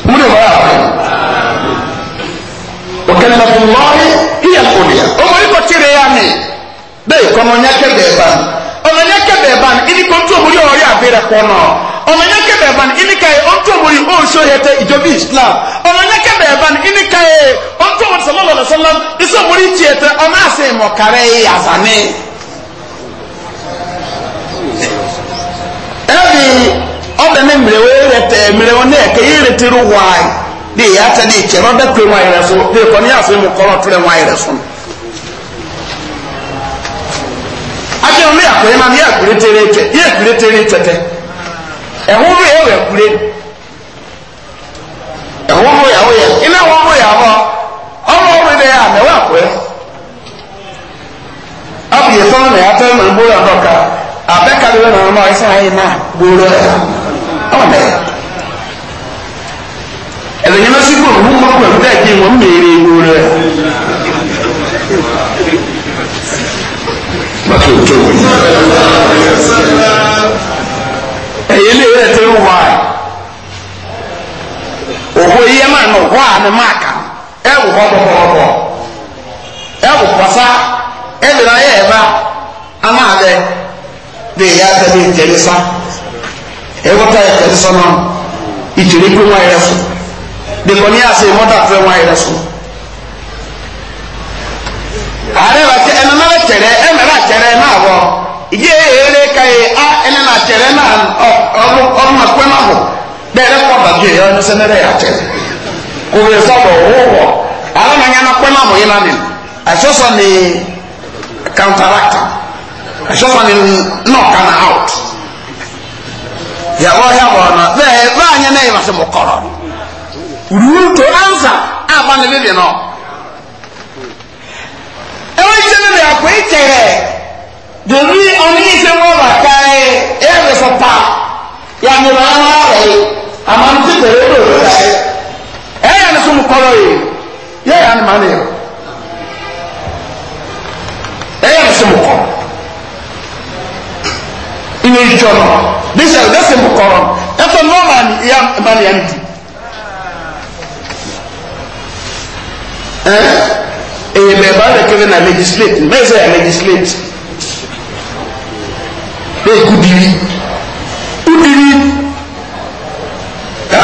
من هو وكلمة الله هي القدية أو ما يكتب يعني bẹ́ẹ̀ kọ́ ọmọnyá kẹ́bẹ̀ ẹ̀bá ni ọmọnyá kẹ́bẹ̀ ẹ̀bá ni ibi kò ń tó omori ọ̀rẹ́ àbẹ̀rẹ̀ kọ́ náà ọmọnyá kẹ́bẹ̀ ẹ̀bá ni ibi ka yẹ ó ń tó omori ó ń so yẹ tẹ ìjọba islam ọmọnyá kẹ́bẹ̀ ẹ̀bá ni ibi ka yẹ ó ń tó omori sọlọ́lọ́ lọ́sọ́lọ́ iṣẹ́ omori tiẹ̀ tẹ ọmọ àṣẹ ìmọ̀kàrẹ́ yìí àzàní. ẹ̀bi ọbẹ̀ ni mìrẹ̀wé rẹ̀ tẹ̀ mìrẹ̀wé náà kẹ́ yé retí ru wáyé de yàtẹ̀ de ìkyẹ̀rọ̀ dẹ́kun wáyé rẹ̀ so de akyɛ no yɛ akɔyɛ ma no yɛ akure tere tɛ yɛ akure tere tɛtɛ ɛho no yɛ wɔ akure ɛho no yɛ wɔyɛ ɛna wɔn no yɛ hɔ ɔmo ɔmo yɛ a na ɛwɔ akɔyɛ abu yɛ fɔlɔ na yɛ atɛ na mbolo yɛ dɔka abɛka bi wɔ na ɔmo a yɛsɛ ayɛ na bolo yɛ ɔmo na ɛdɛ nyɛ na si kuro no mo kɔ kɔ ɛmu dɛ ɛdi wɔn mɛɛrɛ bolo yɛ. pàtó tó wọ̀nyí. ẹ̀yin lè yẹ ẹ̀tẹ́ wọ̀ wáyé òkú yìí ẹ̀ máa nà ọ̀họ́ àmì máa kà ẹ̀ wò họ́ bọ̀bọ̀bọ̀ ẹ̀ wò pọ̀sá ẹ̀ lè ráyè ẹ̀ bá ama adé de ya tẹ ní ìtẹ̀lé sá ẹ̀ wọ́tá ìtẹ̀lé sá náà ìtẹ̀lé pé wọ́n ayẹyẹ sùn dèkọ̀ ní àṣẹ ìmọ́tà fẹ́ wọ́n ayẹyẹ sùn. ààrẹ wa ti ẹnu tẹ̀rẹ̀ ẹ mẹ́rẹ́ àtẹ̀rẹ̀ náà wọ ìdí èrè ka yẹ e a ẹnẹ́ náà tẹ̀rẹ̀ náà ọ̀run ọ̀run àpẹ́ náà wọ bẹ́ẹ̀rẹ́ kọ́ bàbí ẹ̀ ọ́n sẹ́nẹ́rẹ́ yà tẹ̀rẹ̀ kò lè sọ̀rọ̀ owó wọ àwọn ọ̀nà yẹn apẹ́ náà wọ yín lánìí àṣọ́sọ ni counteract àṣọ́sọ ni knock and out yàwọ́ yà wọ̀ ọ̀nà bẹ́ẹ̀ báyẹn náà yẹ me ɛwɔ kyɛ no deɛ akɔyi tɛɛ domi ɔne sɛ wɔba e ɛyɛ me sɛ pa yɛamema no awɛe amante bɛyɛ dɛ ɔwɔdae ɛyɛ no so mokɔrɔ ye yɛyɛ anoma ne yɛ ɛyɛ no so mokɔrɔ ìwé ìjọ nọ bísí ẹ̀ lẹ́sìn mokɔrɔ ɛfɛ nọ́ọ̀mà ni ìyá mmanìyà ni di ɛɛ. Eh? èyí bẹ̀rẹ̀ bá bẹ̀ kẹ́rẹ́ na legislate mẹ́sẹ̀ yà legislate bẹ́ẹ̀ kú diri kú diri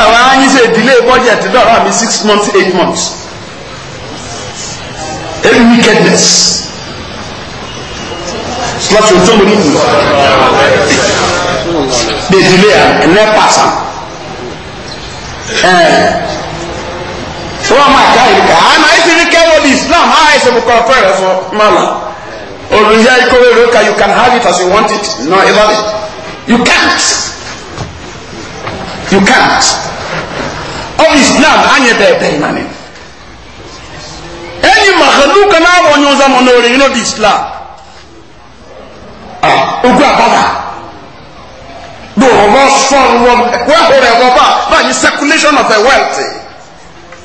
àwọn anyi sè delay budget dọ̀rọ̀ àbí six months eight months every wickedness slash ojú omi nìyí bẹ́ẹ̀ delay à ẹ̀nẹ́ pàṣà ẹ̀ fọwọ́n máa ká ìrìkà á Islam ah is a corporate for mama. Or Rijai Koreoka, you can have it as you want it. No, Ilan. You can't. You can't. Of Islam, and your day, money. Any Mahaluk and I want you some honor, you know, Islam. Ah, Ugra Baba. No, what's wrong? Where, where, where, where, where, where, where, where, where, where,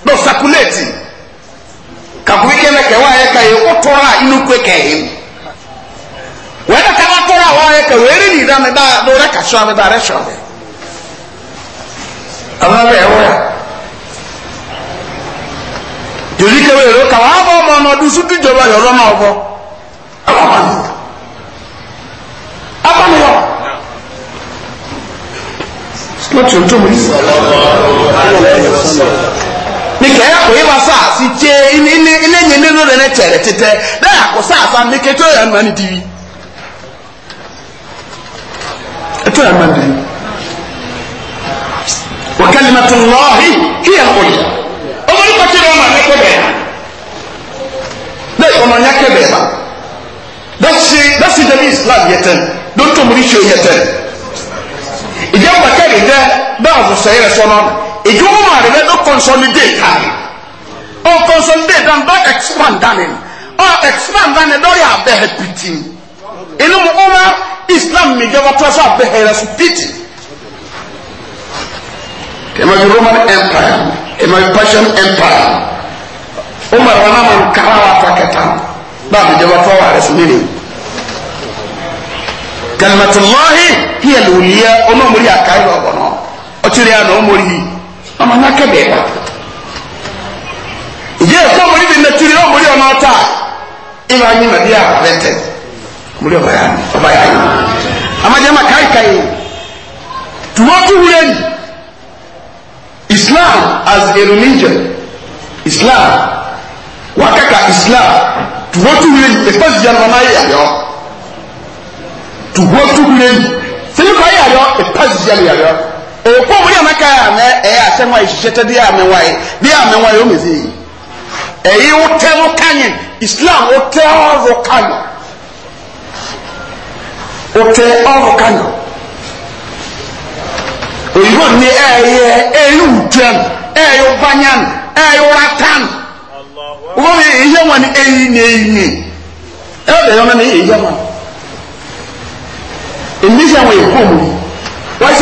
where, where, where, kakuri kɛmɛ kɛ wa yɛ ka ye o tora inu kue kɛ ye wɛrɛ kaba tora wa yɛ ka wɛrɛ ni dami ba wɛrɛ ka sɔ mi ba rɛ sɔ mi ama bɛ ɛwɔ ya joli kɛ wɛrɛ ka wa bɔ ɔmɔ nɔ dusu ti jɔ ba yɔrɔ ma bɔ ama ma nu ama nu wa sinɔ tuntun mi mike yakɔ yi ma sa si tse ine ine ine nye ne lori ne tɛrɛ tɛtɛ ne yakɔ sa sa mike tso yɛ ma ni diwi tso yɛ ma ni diwi wa kalimatu lɔɔri hiya kɔli o ma ni kɔti dɔ ma ne ko bɛɛ ne kɔnɔ nya ke bɛɛ ma dasi dasi dɛbi islam yɛ tɛn don tomori tso yɛ tɛn ìjẹun pàtẹ́ẹ̀lì dẹ báwo sọ yẹ sọ náà ìjọba máa rẹ̀ lẹ́dọ̀ consolidate káàrí ọ oh, consolidate dan dọ́ expand dan ni ọ expand dan ni dọ́ yà abẹ́hẹ̀ pìtì inú mu ọmọ islam mi jọba tó sọ abẹ́hẹ̀ rẹ̀ sùn pìtì. Ema bi Roman Empire, ema bi Persian Empire, ọmọ ẹ̀rọ náà máa ń kára wa fa kẹta bá mi jọba tó wà rẹ̀ sùn nílẹ̀. Kalimatullahi hiya lòlíyà ọmọ òmùrí àkàrí ọ̀gbọ̀n náà ọtí rẹ̀ àná ọmọ òmùrí yìí ama n'aka bɛɛ ba ìjẹ́ ẹ̀fọ́ mo níbi mẹ́tìrì náà mo rí ọmọ ata ìwà ni màdí àbẹ̀tẹ̀ mo rí ọba yà ni ọba yà ni amadé kai kai. káyì tùmọ́tù wúlẹ̀ ni islam as a religion islam Wakaka islam tùmọ́tù wúlẹ̀ ni ẹ̀fọ́ ti jẹun ọmọ yà yọ tùmọ́tù wúlẹ̀ ni sẹ́yìn kọ́ yà yọ ẹ̀fọ́ ti jẹun òkú òmùdí ya àmẹ ẹ̀yà àsẹ́wọ̀n ìṣiṣẹ́ tẹ́ bí àmẹ́wà yìí bí àmẹ́wà yìí ó mèzè yìí ẹ̀yí ó tẹ́ ó kányìn islam ó tẹ́ ọ̀rọ̀ kányìn ó tẹ́ ọ̀rọ̀ kányìn òyìnbó ní ẹ̀yẹ ẹ̀yí ùjẹm ẹ̀yí ọ̀bányàn ẹ̀yí ọ̀rátàn wọ́n yẹ ìyẹ́ wọn ní ẹ̀yí ní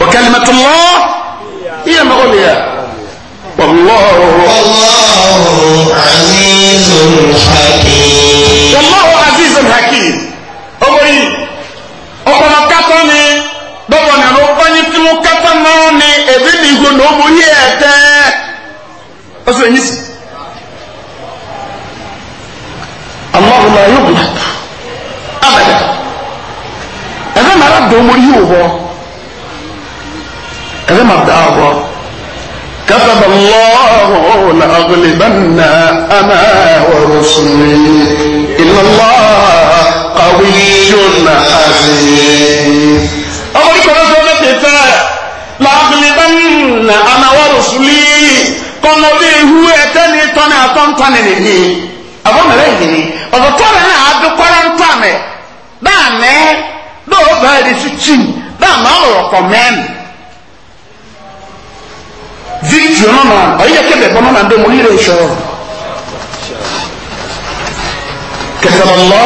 وكلمة الله هي العليا والله والله عزيز حكيم والله عزيز حكيم أمري أقول كتني دون أن أقول كتني كتني أبني هنا مريت أسمعني الله لا يغلط أبدا إذا ما رد أمري هو كذا ما بدأه كتب الله لأغلبن أنا ورسلي إن الله قوي عزيز أولي كنا سنة لأغلبن أنا ورسلي كنا بيهو أتني تني أتن تني نهي أبو مريني أبو تني أنا أبو قرن تني دامي دو باري سوچين دامي أولو كمين victory ọ̀nà náà ọ̀yẹ́ kébẹ̀ bọ́ náà dé mo yíra ìṣọ́ kẹsàn-án lọ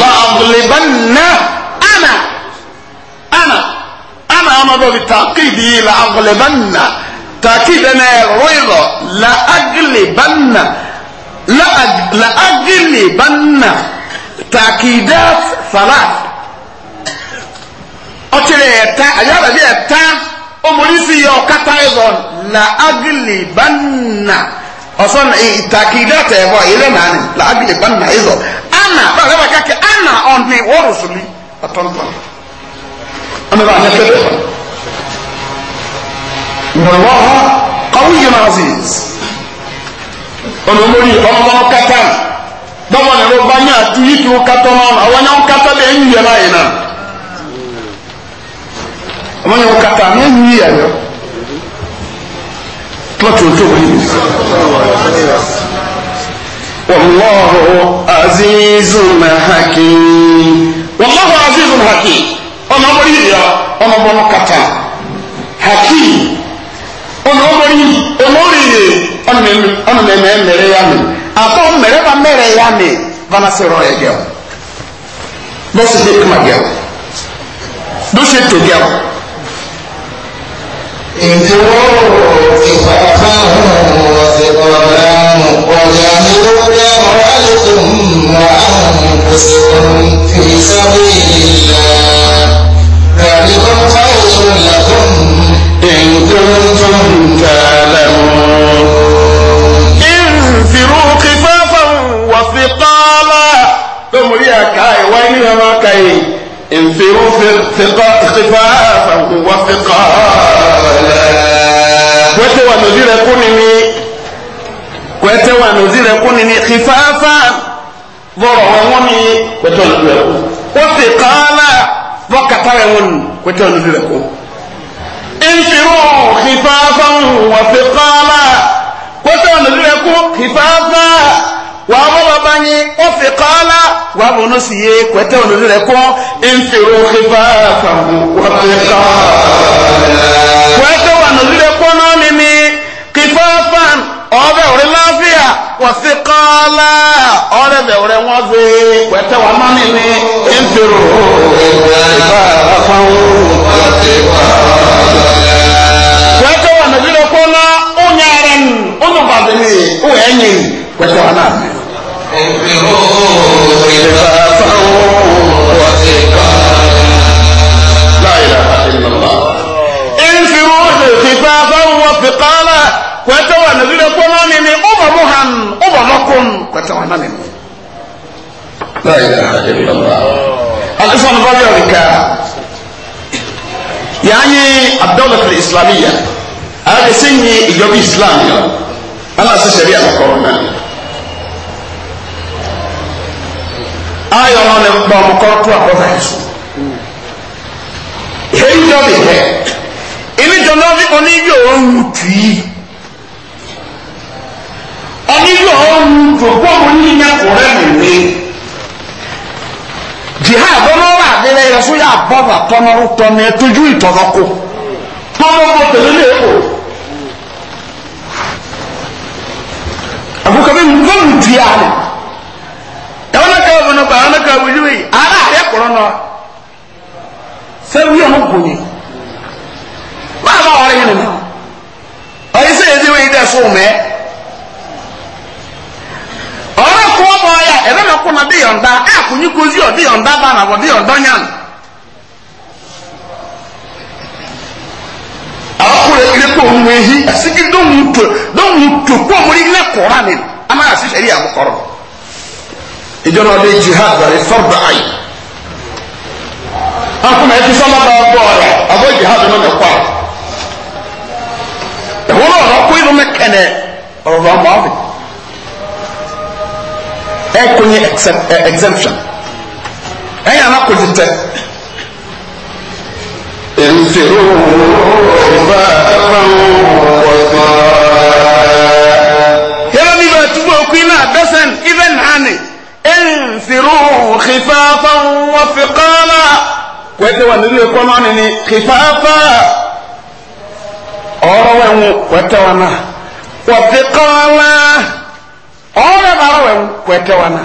làbùlẹ̀bánná ànà ànà ànà ọmọdé bi tàkìdì làbùlẹ̀bánná tàkìdì ẹ̀nà ẹ̀rọ ìrọ̀ làágìlẹ̀bánná làágìlẹ̀bánná tàkìdà sàlá ọtí rẹ̀ ẹ̀ta àyàbàbí ẹ̀ta omorisi yɛ ɔkata ɛzɔ la agili banna ɔsɔn itakida tɛɛbɔ yɛlɛ naani la agili banna ɛzɔ ana bɛrɛ bɛ kakɛ ana ɔnhi wɔrɔsoli ɔtɔntɔn ɔnɛ bɛ anyɛ pɛlɛ wɔlɔha kɔmi yɛn aziz ɔnɔmori ɔmɔ kata dɔbɔ nɛrɛ ba nyɛ ati yi tu kata nɔn awɔ nyɛ kata bɛ enyiyɛ la yina ọmọ yẹn wọ kata ní ẹnu yìí ayọ tọ́tù tó wọ́n yìí. wàlúwàhù azizu mahaki wàlúwàhù azizu mahaki ọmọ ọmọ yìí yọ ọmọ ọmọ kata haki ọmọ ọmọ yìí ọmọ yìí ọmọ mẹmẹ mẹrẹ ya mi àtọ mẹrẹ bá mẹrẹ ya mi bana sọrọ ẹ e, gẹ o bọ́sì dé kuma gẹ o bọ́sì tó gẹ o. انفروا خفافا وثقالا وجاهدوا بأموالكم وأنفسكم في سبيل الله ذلكم خير لكم إن كنتم تعلمون انفروا خفافا وثقالا ثم رياكا وين ما كاين انفروا خفافا وثقالا wano zire kunini kwete wano zire kunini khifafa voro wangoni kwete wano zire kunini wathiqala vakatawe won kwete wano zire kunini انفروا خفافا وثقالا kwete wano zire kunini khifafa wàmúlọ́bányi ó fi kọ́lá wàmúnú sí yé kwẹ́tẹ́ ònúdú rẹ̀ kọ́ ń fi rúkì bá fàmù wọ́n fi kọ́lá. kwẹ́tẹ́ ìfáfán ọ̀rẹ́ òrẹ́ láfíà wọ́n fi kọ́lá ọ̀rẹ́ bẹ̀rẹ̀ wọ́n fi wẹ́tẹ́ wọn mọ́ mi ní ìfèrò ìfáfán wọ́n fi kọ́lá. wẹ́tẹ́ wọn nàbí lọ kó ná ó rẹ̀ nù ó bàbá mi ó ẹ̀yìn wẹ́tẹ́ wọn náà ìfáfán wọ́n fi kọ́lá. kun kɔtɔn ɔna mi. alifan bɔ yɔrɔ ka y'an ye abudulayi islami ya de se n ye ìjọba islam yɔ ala se sariya kɔrɔ na. a yɔrɔ ne bɔn kɔrɔ to a kɔfɛ yɛsɔ. heyi dɔ de kɛ ibi bi kɔni jɔ o wu tu ẹni yóò wu dògbò mu ní ìyá kúrẹ́ nìyí jihad bọ́lá wà délẹ̀ yẹ so yà bọ́dà tọ́nọ́rọ́ tọ́nọ́ ẹ tójú ìtọ́nọ́kọ tọ́nọ́kọ tẹ̀lé lè kó. àbúkọ bí nǹkan ń di àlè ẹ̀wọ́n náà kàwé wọn bá wọn náà kàwé yìí wẹ̀yì ara àrẹ kọ̀rọ̀ náà sẹ́wí ọ̀hún kò ní báwa ọ̀rẹ́ yẹn nìyẹn ọ̀yẹ́sẹ̀ yẹn ti wẹ̀yì dẹ̀ sọ̀mẹ́. ọdị yọnda akwụnyekwozi ọdị yọnda ba na ọdị yọnda nya awakwụrụ ekele kwa omume ehi asigi dọnwuto dọnwuto kwa omuri ile kọra ni ama na sisari ya bụkọrọ ijọ na ọdị jihad bari fọrọ ayi akwụ na ekisa ma ba ọgbọ ọrịa ọgbọ jihad nọ n'ekwa ẹhụrụ ọrụ ọkụ ịrụ mekene ọrụ ọrụ ọmụ ɛkɔnyɛ eh, exemption ɛyɛ anakɔdze tɛ ɛnfɛro ba yɛrɛ mi bɛ tubu okui na bɛsɛn ibɛ naani ɛnfɛro xifafa wafikala kɔɛtɛ wa niri ekɔnɔ nini xifafa ɔrɔ wɛnwu kɔɛtɛ wa na wafikala ọrẹ bàrà wẹ̀ kọ̀ẹ̀tẹ wa náà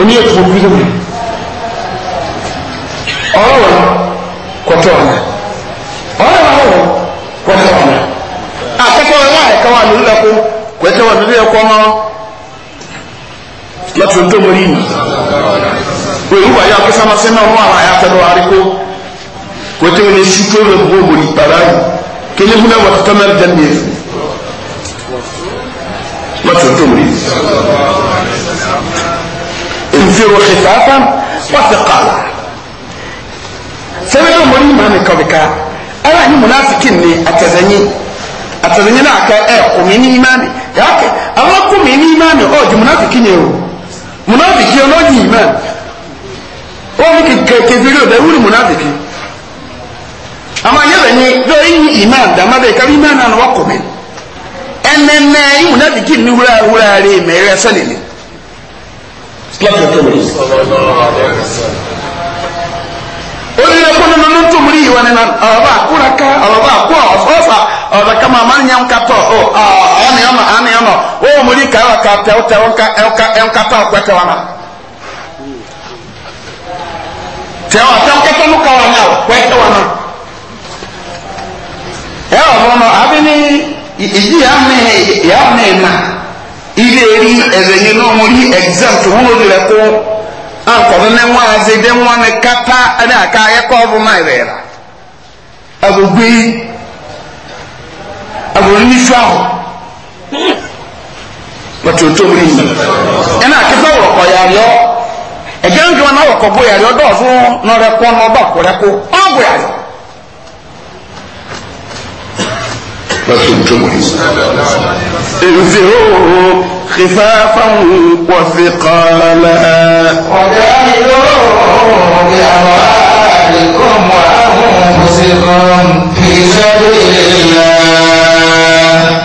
oní ètò òkú tó mi ọrẹ wẹ̀ kọ̀ẹ̀tẹ wa náà ọrẹ bàrà wẹ̀ kọ̀ẹ̀tẹ wa náà akẹ́kọ̀ọ́ ẹ̀ wá ẹ̀ka wa lórí ẹ̀kọ́ kọ̀ẹ̀tẹ wa lórí O náà láti ọdún mọ́rí yìí wọ́n yíwá yá kí sáma sẹ́nà ọ̀rọ̀ àwọn àyàtọ̀dọ̀ àríkó kọ̀ẹ̀tẹ wa lè ṣú tó lè gbogbo ìpàdánù kí ní húnẹ̀ wọ́n tẹ́tẹ́ mẹ́rin dẹ́nu yẹn fún láti ọdún mi. nfiru xifaafa wàfi qaala sẹbi dɔw mɔri maa mi ka bi ka ala ni munafiki ni atazanyi atazanyi naa ka ɛ kumi ni imaani yaake awa kumi ni imaani ɔ di munafiki nye o munafiki yɛ n'o di imaani o ni ke kefiri o da wuli munafiki ama nyɛ bɛ nye yi imaani dama bɛ kabi imaani na wa kumi ɛnɛnɛ yi munafiki ni wura wura re mɛ ɛrɛ sɛni ni silafɛ tɛmɛ yi olùyẹ kúni nínú tómìrì yìí wọn nínú ọba àkúraka ọba àkú ọfọfà ọba kama máa ń yan katọ ọ ọni ọnà ọni ọnà ó mòrí ká ẹwà ká tẹ ọtẹ ọka ẹwà ẹnkatọ ọgbẹtẹ wọn. tẹ ọ tẹ ọkẹtọ ló ká wọn náà ọgbẹtẹ wọn náà. ẹ ọ̀rọ̀ náà àbí ní. isi yamuna ina ibeeri ezenyi n'omuli exempt wulire ku ankɔbi ne nwazi de nwani kata ɛna aka ayɛkɔ ɔbuma ɛbɛra agogbe agogbe nifa hɔ wàtí o tó wuli mi ɛna na wɔkɔ bo yariɔ dɔwɔso n'ɔrɛkɔ n'ɔdɔkɔ فصدوه انفروا خفافا وثقالا وجاهدوا بأموالكم وأنفسكم في سبيل الله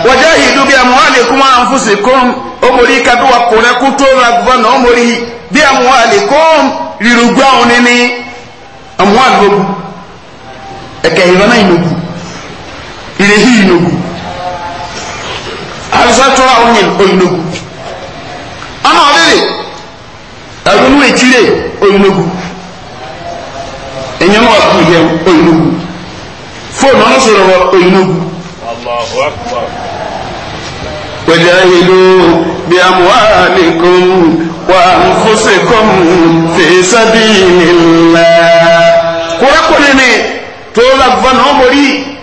وجاهدوا بأموالكم وأنفسكم أمري كدوا قرأكتوا رغبان أمري بأموالكم لرغبان أموالكم أكيد ما ينبغي irehi inogu alisatura onye oinogu ama ọrịrị ẹgbẹnu etire oinogu enyemọ ọkụ ihe oinogu fóònù ọ̀nà sọ̀rọ̀ wọ oinogu wajahilu bi amuwaalikum wa anfusikum fi sabilillah kórakó nínú tó lagbọn ọmọ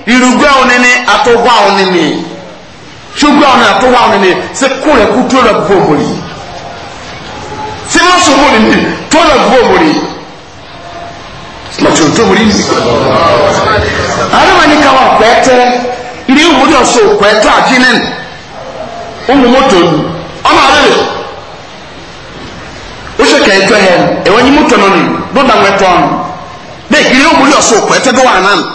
irugbe àwọn atogbo àwọn sugbe àwọn atogbo àwọn se kóra kú tó la se ma so mo nini tó la gbó tó mori nini. alamani kawa pẹtẹ ilé ìwúrí ọsọ pẹtẹ àjínẹn ọmọ mọtò nù ọmọ o kẹtọ yẹn ẹwọn mọtò nù wẹtọ bẹẹ ọsọ pẹtẹ dọwọ àná nù.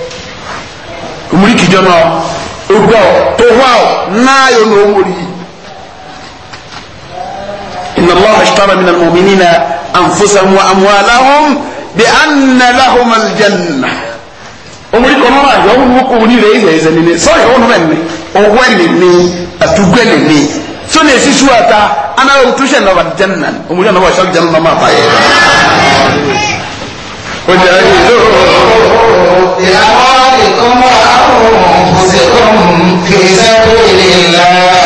omuli kijono ogwo tohwawo naayo n'omuli إن الله اشترى من المؤمنين أنفسهم وأموالهم بأن لهم الجنة omuli kono na yɔwu ni woko wuli rɛ ɛyɛ ɛzɛ nini sɔ yɔwu ni bɛ nini ɔwɛ nini atugɛ nini so na esi suwa ta ana yɛ otu sɛ nɔba jɛn na omuli yɛ nɔba sɛ jɛn nɔba ba yɛ. o jɛ yi lo. ìyàwó ìkọ́mọ́. أنفسكم في سبيل الله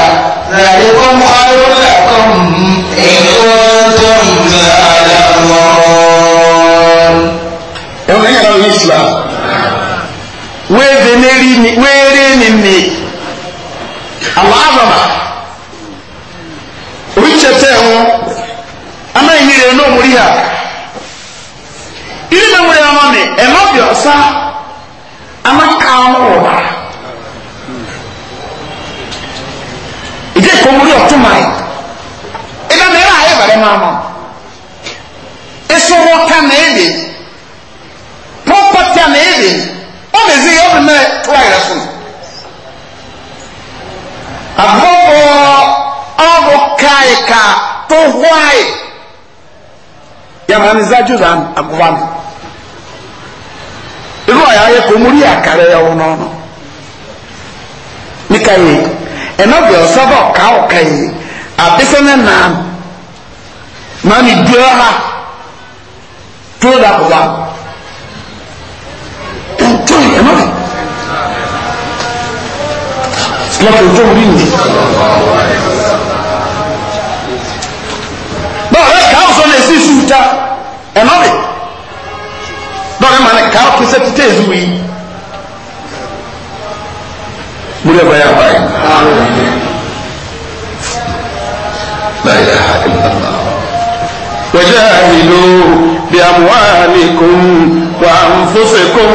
ذلكم خير لكم إن كنتم تعلمون ẹ̀rọ ìlú islam wéèrè ni ni aláàbàbà oríṣẹ́tẹ̀ wọn amáyìnire náà mórí à ilé mẹ́wúrẹ́ ọmọ ama kan wɔ ha ìdí èkó mu yɛ ɔtún mayɛ ɛna mɛ ɛna ayɛ bɛrɛ maa ma esowo ta na ebe pɔpɔ ta na ebe ɔna ezi yɛ ɔbɛn mɛ to ayɛrɛ so abɔbɔ ɔbɔ kae ka to hwae yamani zaju zan agoba mi irú àyàyẹ kò mú rí àkàrẹ ẹwọ n'ọnà níka yìí ẹnà bẹ ọsọdọ ọka ọka yìí àbísẹ́nẹ́ nàá máa ní dúró ha tó dàbọ̀wá ntọ́ yìí ẹnà bẹ lọ́kọ̀ tó rí nìyí. báwo ẹ kà sọ na èsì sùúta ẹnà bẹ tọ́rẹ ma ní káà kí sẹ́tì tẹ́ ìzú yìí múlẹ̀ báyà báyìí báyà wàjáàmìlú bí amúhàmìkún wà ń fúnfẹ́kún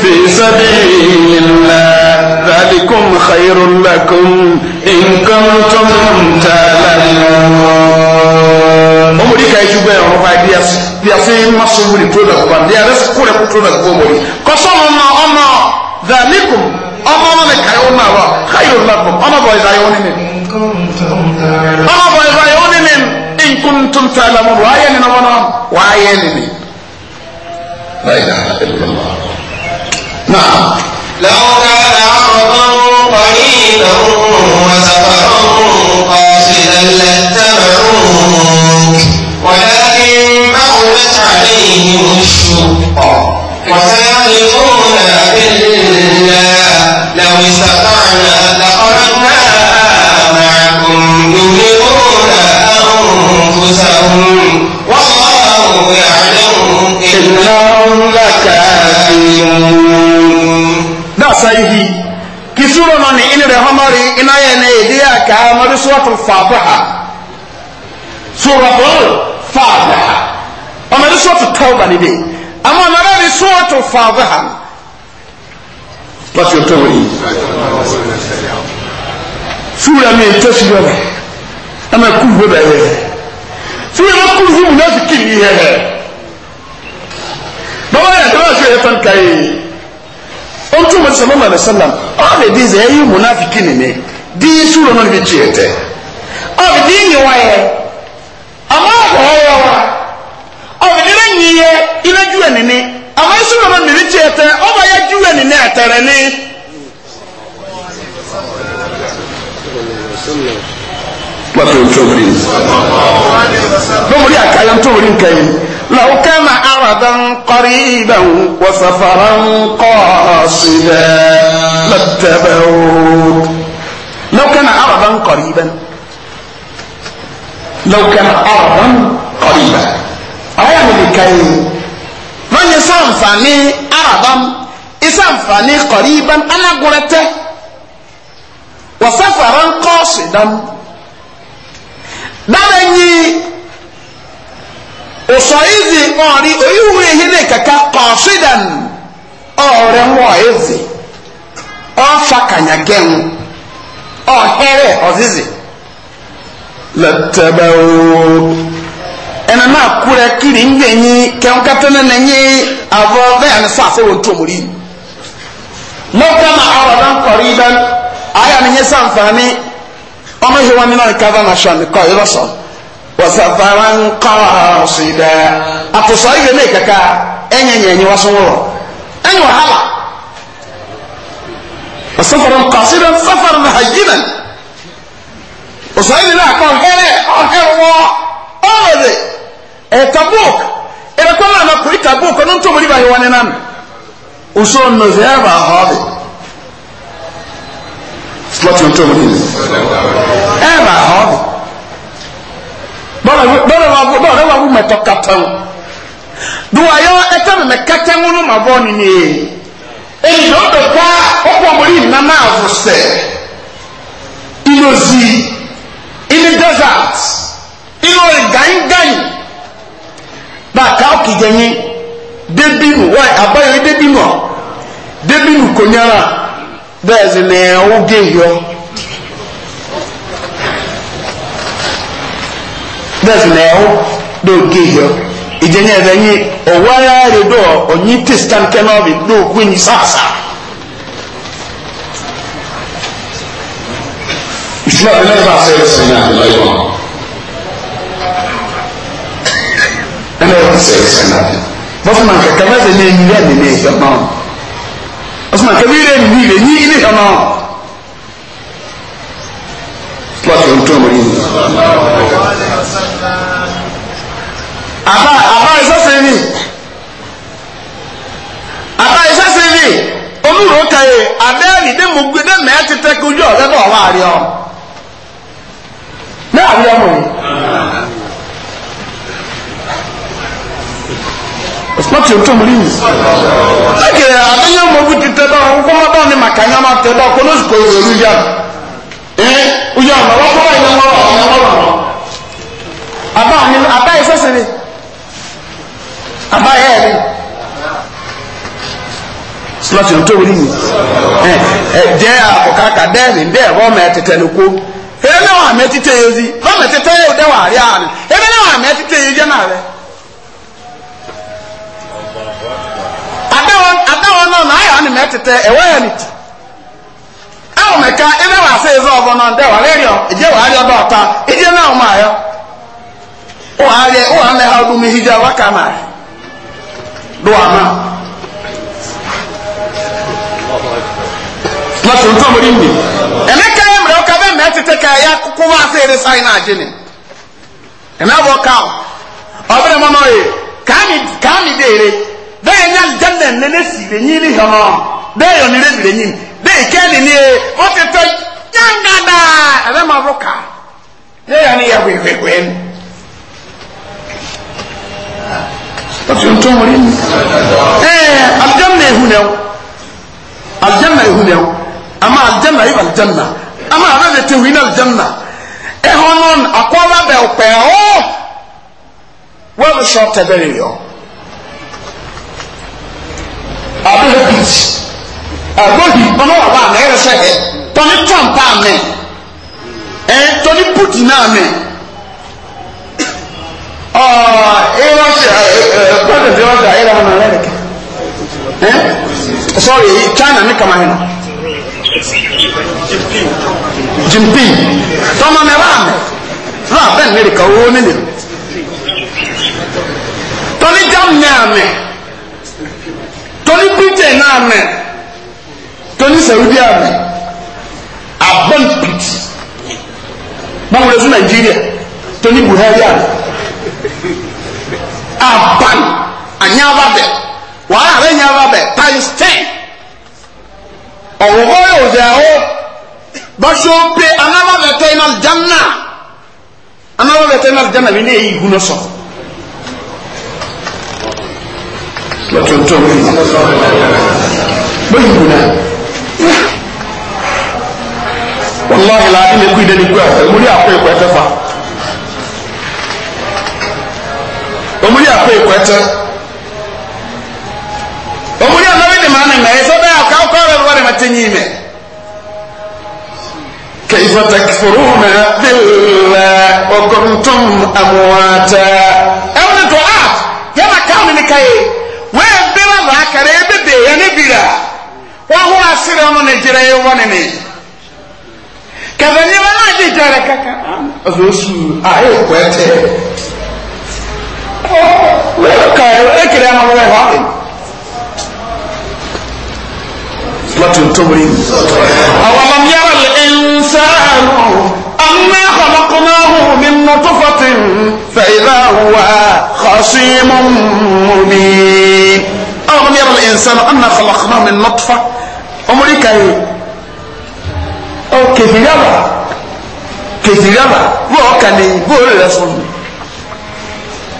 fi sabilillah ذلكم خير لكم إن كنتم تعلمون. أمريكا يجوا بين رفع دياسي yase masubu ni tuna kwa ndia resi kule kutuna kwa mwili kosomo na ama dhalikum ama wana kayona wa khairu lakum ama boy zayoni min ama boy zayoni min in kuntum ta'lamun wa ayani na wana wa ayani min la ilaha illa allah na'am لو كان عرضا قريبا وسفرا قاصدا لاتبعوك ولا حرمت عليهم الشقة وسيحلفون بالله لو استطعنا لخرجنا معكم يهلكون أنفسهم والله يعلم إنهم لكافرون ده صحيح kisuro no ni ini re homari ina ye ne ide ya ɔmɛ de sɔɔto tɔɔba ne de ama ɔmɛ de de sɔɔto faaba ha lɔtɔ tɔ wɔ yi fiwura mi ntɛ si yɔ bɛ ama kuru bɛ bɛ yɛ fiwura kuru fi mu na fi kiri yɛ yɛ baba yɛ dɔrɔn fi yɛ fɛn ka ye o tún mo sɔmɔ mɛ sɛlɛm ɔn de di zɛ eyi mu na fi kiri mi di fiwura mi bi tiɲɛ tɛ ɔn de di nyɛ wa yɛ ama wɔ yɛ wa yiyɛ ina juwa nini ama esu nana miri tiɛ tɛ ɔba ya juwa nini ɛtɛrɛ ni. wato ntomori ntomori akaya ntomori nkayi law kana aradan qariban wa safaran qasida lattabawuk law kana aradan qariban law kana aradan qariban aya mi kai man yi sanfani araban isanfani qariban anagurete wa safaran qasidan dara yi ọsọ izi ọrị oyiwu ihe ne kaka qasidan ọrẹ nwọ ezi ọfa kanya gẹn ọhẹrẹ ọzizi lẹtẹbẹwò ɛna naa kura kiri nyanyi kɛnkata na nanyi avɔ bɛyɛ ne saase wɔ ntomori mɔkana awɔdan kɔri bɛn aya ne nye sanfani ɔno hewa ne nan kava na hyɛ ne kɔ yɛrɛ sɔ wɔsafaran kɔɔsi dɛ akosɔ yɛ ne kaka ɛnyɛ nyanyi waso wɔrɔ ɛnyɛ wahala wɔsafaran kɔɔsi dɛ safaran hayinan wɔsɔ yɛ ne akɔ hɛrɛ ɔhɛrɛ wɔ ɔwɔ de. Eh, tabuk ebekoma eh, na kuri tabuk no nto muri bahiwane nami uso no zeba hobe slot nto muri eba hobe bora bora wa bora wa mu metoka tan duwa yo eta me mekata mu no maboni ni e eh, yo do kwa okwa muri na na avuse ilozi in the desert ilo báàkà ọ̀kì jẹ̀yìn débìnù wáyé àbáyọ̀rí débìnù ọ̀ débìnù konyara? nyára bẹ́ẹ̀ sì ni ẹ̀wọ́ gé yọ bẹ́ẹ̀ sì ni ẹ̀wọ́ dó gé yọ ìjẹ̀yìn ẹ̀fẹ̀ yín ọ̀wọ́ ara rẹ̀ dọ̀ ọ̀yìn tẹ̀sítà kẹ́nọ́ọ̀bì dó gbẹ̀yìn sáàsà. Islam ẹ̀ náà bá a sẹ́yìn sẹ́yìn yìí wọn. sẹ̀sẹ̀lá bọ́sùn náà kẹ̀kẹ́ bá ṣe ní ẹni rẹ̀ nínú ìfẹ́ náà bọ́sùn náà kẹ́bí rẹ̀ nínú ìrẹ̀ ní ilé ìfẹ́ náà lọ́sẹ̀ ń tó mọ̀rí ni. àbá àbá ìsọ́sẹ̀ ni àbá ìsọ́sẹ̀ ni olùrò kàyé abẹ́ẹ̀lì dé mo gbé dé mẹ́ẹ́ ti tẹ́kọ̀ ojú ọ̀rẹ́ náà wá rí ọ. náà rí ọmọ yìí. lọ́tí o tó mú rí. Lẹ́kẹ̀ àtẹ́yẹ mọ̀bú ti tẹ́ dọ́ ọ̀hún kọ́mọ́ dọ́ ni màkànyá máa tẹ́ dọ́ kọ́lọ́sì kò yẹ olú yá. Ẹ oyè ọ̀nà aba kọ́ ẹ̀yẹ wọn ọ̀nà wọn lọ. Àbá mi àbá yẹ sẹ́sẹ̀ ni. Àbá yẹ ẹ̀ ni. Lọ́tí o tó mú rí mi. Ẹ ẹ jẹ́ àkọ́kọ́ àkàdẹ́ẹ̀mì ń bẹ́ẹ̀ rọ́ọ̀mù ẹ̀ tẹ̀tẹ̀ ni kó. Ebe náà àmì ẹ̀ títẹ̀ yẹ náà náà yà á ní mẹ́tẹ̀tẹ̀ ẹ̀wọ́ yẹn ni tì ẹ wọ mẹka ẹ bẹ wà sí ẹzọ ọbọ náà dẹ wà lẹ́rìọ̀ ìjẹ́ wà á rí ha ọdún mi hijá wà kà náà do àmà. lọ́sọ̀ ntọ́ mo rí mi ẹ̀mẹ́ka yẹn mìíràn ọkà bẹ́ẹ̀ mẹ́tẹ̀tẹ̀ ká yà kókó bẹ́ẹ̀ ní aljanna nene sire nyi ni hàn bẹ́ẹ̀ yọ ni rebire nyi bẹ́ẹ̀ kẹ́ni ni e wọ́n ti tọ́ yangada ẹ̀rẹ́ máa rọ kà yẹ́ yà ni yà wẹ̀wẹ̀wẹ̀ ni. Ọtí ntọ́ wọlé mi. Ee aljanna ehu na ẹwọ aljanna ehu na ẹwọ ama aljanna yẹ aljanna ama ara de tehu na aljanna ẹhọ nọ akọwa bẹ ọpẹ ọ wọ́n sọ tẹ bẹ́ẹ̀ yọ abẹ́rẹ́ bíìtì àgbóhì ọmọ wà wà náà ẹ̀rọ sẹ́yẹ tọ́ni trump àmì ẹ̀ tọ́ni putin àmì ọ̀ ẹ̀ rọ́ṣà ẹ̀ pẹ́ẹ́dẹ̀dẹ̀ rọ́ṣà ẹ̀ rọ́ṣà náà lẹ́rẹ̀kẹ́ ẹ̀ sọ́ọ̀rì china ní kàmá yẹn jinping tọ́mọ mi rà àmì rà bẹ́ẹ̀ ní ìrìkà owó nílẹ̀ tọ́ni germany àmì tóní britain náà mẹ tóní saudi àmì abọ́n pìtì báwo lè fún nàìjíríà tóní buhari àmì aban anyababẹ wàhálà rẹ nyababẹ times ten ọ̀wọ́wọ́ yóò dẹ̀ ọ́ báṣọ́ pé anábàbẹ̀ tẹ́ iná jẹ́ náà anábàbẹ̀ tẹ́ iná jẹ́ náà bí ní èyí ìhun náà sọ̀rọ̀. lọ́tọ̀ọ̀tọ̀ bóyá ìgbóná wàláhi la ilé kú ìdẹ́ni kú ẹ̀fẹ́ mo ní àpò ìkọ̀ ẹ̀fẹ́ fa mo ní àpò ìkọ̀ ẹ̀tẹ́ mo ní ànáwó ìdìmọ̀ àná ìmọ̀ ẹ̀sọ́ bẹ́ẹ̀ àká ọkọ̀ rẹ̀ wọ́n rẹ̀ máa tẹ́ yín mẹ́. كيف تكفرون بالله وكنتم أمواتا أو نتوعات يا مكان نكاي wee bela na akara ebebe e ya nebira wahu asiri ono ne jira ye wone ne kazanyeba naje jara kaka azosu ayo kwete wewe kayo ekere ama wewe hawe Latin Tobin. أولم يرى الإنسان أنا خلقناه من نطفة فإذا هو خصيم مبين أولم يرى الإنسان أنا خلقناه من نطفة أمريكا أو كثيرة كثيرة وكني بول رسول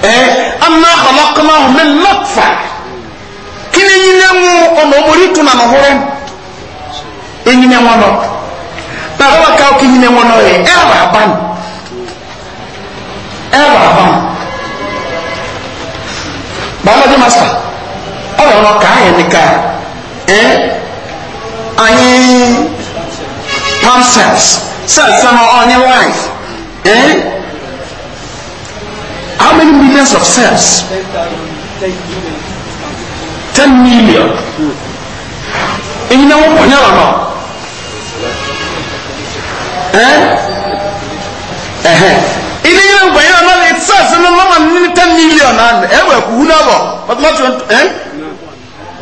إيه أنا خلقناه من نطفة كنا ينامو أن أمريكنا نهورن إن ينامو نطفة تغلق أو كي ينامو نهورن إيه أبا أبان إيه أبا biology master ọ̀rọ̀ ọ̀rọ̀ kàá yẹn nìkan ẹ̀ anyi palm cells cells sẹ́nu ọ̀nyẹ́ life ẹ̀ how many millions of cells ten million ẹ̀yin náà wọ́n mọ̀ ní ọ̀rọ̀ náà ẹ̀ ẹ̀hẹ́ ilé yẹn ń gbẹ̀yìn ọ̀nà lè tẹ̀ sínú lọ́wọ́ ní ten million náà ẹ wẹ̀ kú náà bọ̀ mọ́tòmọ́tò ẹ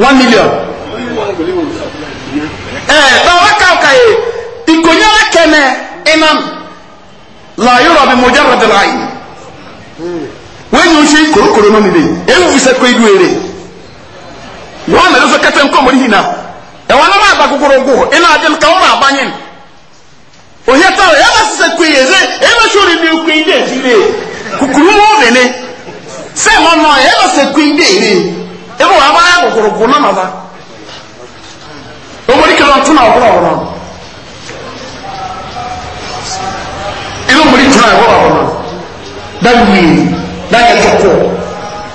one million. ẹ báwa káàkà yìí ìkònyára kẹnẹ iná láàyò rọ̀bì mọ̀já rọ̀bì láàyè wọ́n yóò ṣe kòrókòró náà nílé ewu fi sẹ́kọ̀ọ́ ìlú èrè wọ́n mẹ́rin sọ kẹtẹ́ nkọ́ mọ́rí yìí náà ẹ̀wọ̀n náà bá gbàgbọ́gbọ́rọ̀ gbọ́ iná adé nǹkan wọ́n rà abáyé nù òye sọrọ yaba sisan kuyi eze yaba sori ni kuyi de ti le kukuru mu nene sẹmọ nọ yaba sisan kuyi de ere ebi wa abaya kokoro ko nama ba omori kẹlẹ ọtún náà ọkọlọ ọkọlọ inú omori tún náà ọkọlọ ọkọlọ dáwìí dáyẹ tọkọ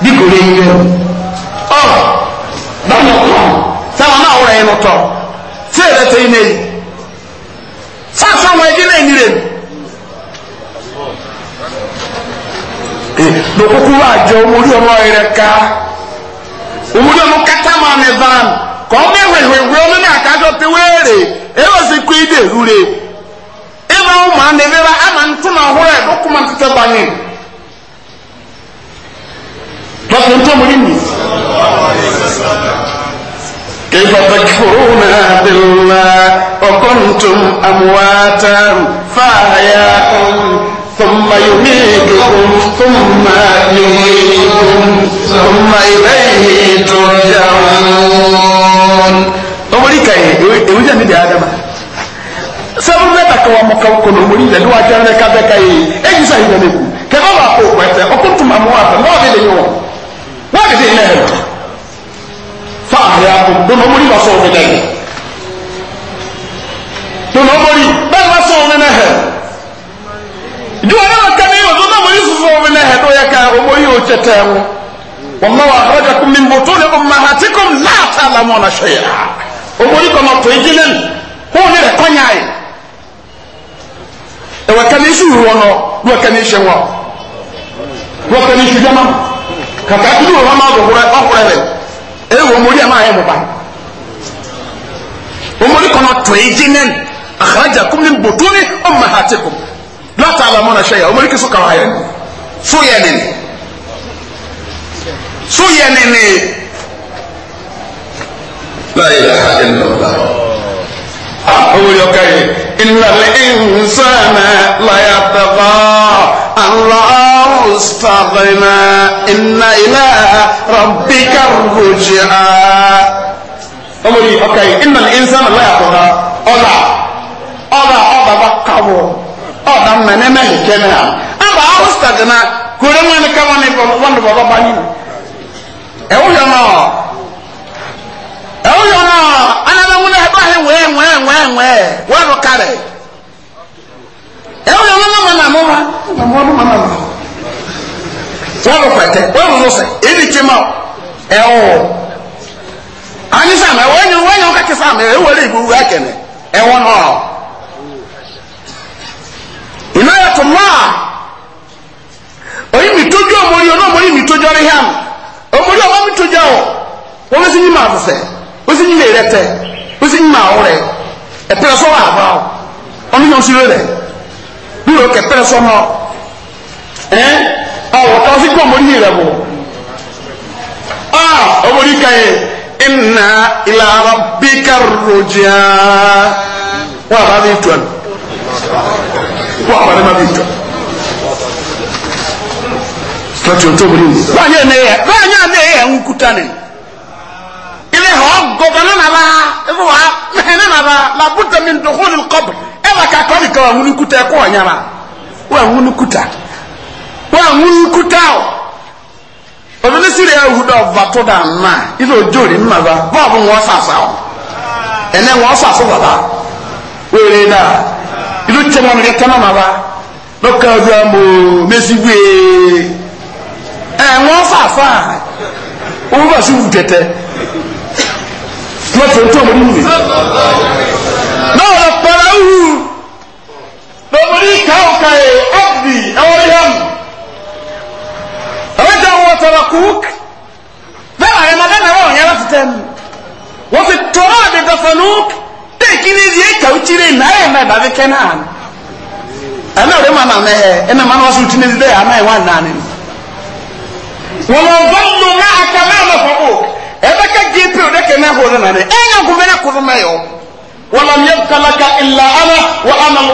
dípò lè yẹ ọ báyọ kọ sáwọn náà wọlé yẹn lọtọ tí èrè tẹ yín lẹ́yìn. àwọn na náà ní rẹ̀ lókùkù àjọ omúdí ọmọ rẹ̀ ká omúdí ọmọ kátà máa mẹ van kọ́ mẹ́wẹ̀wẹ̀wẹ̀ ọmọ náà kájọ pé wéèrè èyí sì kú ìdè rúre ìmọ̀ ọmọ àná ẹ̀fẹ́ bá àmà ntúnà ọ̀húrẹ̀ lókùmọ̀ títẹ̀ báyìí lọ́sọ̀ ń وكنتم أمواتا فأحياكم ثم يميتكم ثم يحييكم ثم إليه ترجعون أمريكا إيه إيه آدم sẹ́wọ́n bẹ́ẹ̀ kàkẹ́ wọn mọ̀kàn kò ní omori lẹ́nu wa jẹ́rẹ́ ká bẹ́ẹ̀ ká yé èyí sọ yìí lẹ́nu kẹ́kọ̀ọ́ bá kó pẹ̀tẹ́ ọkùnrin tó máa mú wa fẹ́ lọ́wọ́ bí lè yẹ wọn wọ́n lè dé ilẹ̀ yẹn tòun ọmọ rí bẹ́ẹ̀ bá sọ òun nínú ẹ̀hẹ̀ ju ọ̀rẹ́ wọn kẹ́mi yóò tó náà mo yí sọ òun nínú ẹ̀hẹ̀ tó yẹ ká ọmọ yìí ó tẹ̀tẹ̀ wọn wọn máa wà ọjà kún mi bòtó ní ọmọ àti kún láàtà làwọn ọ̀nà ṣe yà ọmọ yìí kọ́ ọ̀tọ̀ ìdí lẹ́nu kó ní rẹ̀ kọ́nyà yìí ẹ̀wọ̀ kẹ́mi iṣu wọn nọ wọ́n kẹ́mi iṣẹ́ wọn wọ́n kẹ́mi iṣu jẹ́ mọ́ kàkà kí ló wọn máa bọ̀ ọkùnrin rẹ̀ ẹ̀ wọ́n mo rí ẹ̀ máa yẹ mọ̀ bá ọmọ yìí kọ́ ọ̀tọ̀ ìdí lẹ́nu. أخرجكم من بطون أمهاتكم لا تعلمون شيئا أمريكي سكر هايين سويا سويانين لا إله إلا الله أقول لك إن الإنسان لا يتقى أن استغنى إن إلى ربك الرجعى أمري أوكي إن الإنسان لا يتقى أولا ọba ọba ba kabụ ọba mma n'eme hike na aba arụsta dị na kure nwa ni kama ni wọndụ baba banye ewuyo na ewuyo na anaba nwụrụ ebe ahụ nwee nwee nwee nwee wee bụ karị ewuyo na mama na mama na mama na mama wọ́n lọ pẹ̀tẹ́ wọ́n lọ lọ́sẹ̀ èyí ti ma ẹ̀ ọ̀ anyi sàmẹ̀ wọ́n yàn wọ́n yàn kàkí sàmẹ̀ ẹ̀ wọ́n lè ibu wẹ́ kẹ̀nẹ̀ inayatullah oyi mitojo omori ono omori mitojo riham omori ọmọ mitojo ọ wọn sì ní ma fẹfẹ ó sì ní ma ẹrẹtẹ ó sì ní ma ọrẹ ẹpẹrẹ sọ wà bá ọ ọmọ yẹn sì rẹ dúró kẹpẹrẹ sọ mọ ẹ ọwọ ọsì gbọ omori yìí rẹ bọ ọ omori kẹyìn inna ila rabbika rujaa wa b'a bi tuwa. kó ma má bí tọ. láti ọjọ́ mi nìyí. báyìí ẹ̀ nẹ́yẹ báyìí ẹ̀ nẹ́yẹ ń kúta ni. ilé hàn gọ̀gàn náà nàbà ẹ̀fọ́ wa mẹ́hìn náà nàbà làbúta mi dùnkún ní kọ́bù ẹ̀ wà ká kọ́ni kan àwọn oníkúta ẹ̀ ọ̀nyára wọ́n àwọn oníkúta wọ́n àwọn oníkúta ọ̀ obìnrin sì rẹ̀ ewu dọ̀ bàtọ́ dà nà ilé ojú òní nà bá bọ́ọ̀bù wọn sàṣà ẹ̀nẹ́ wọn sàṣà bàbá ìlú tẹ mọ nìyẹn tẹmọ màá wa lọkàn ọdún àmọ mẹsì wé ẹ wọn fàáfà owó bá sí wù tẹtẹ lọtọ tó ọmọdé nìyẹn náà lọ pẹlẹ wù lọmọdé káwọkà yẹ ọbì ẹwọ yẹm ẹwọ jẹ àwọn tọrọ kúk bẹẹ àyẹmọ bẹẹ náà wọn yẹra títẹ mu wọn fi tọrọ àdìdọfẹ lóòkì. ekirizi eka uchire na ye me ba be kenan ana e re mama me he ene mama wasu de ana e wan nani e wa ma dhallu ma ebe ka gipi o de ke na ne enya ku na ku me yo wa lam na laka illa ana wa ana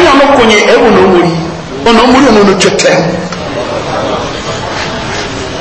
e kunye e wo no muri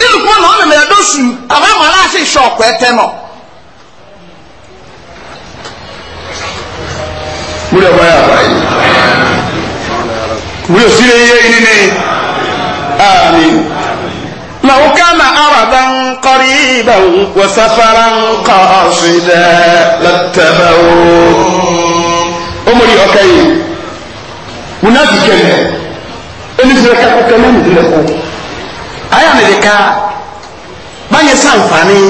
nínú fún ọ̀nà ọ̀nàmì ẹ̀dọ́sù àwọn ọmọ aláṣẹ ìṣọ ọ̀pọ̀ ẹ̀tẹ́ nọ. wúlò ọba yà báyìí wúlò sí eyé yìí ní àmì. لو كان أرضا قريبا وسفرا قاصدا لاتبعوه أمري أوكي منافقا إن سرقك كلام لكم aya ne ka báyìí sànfàní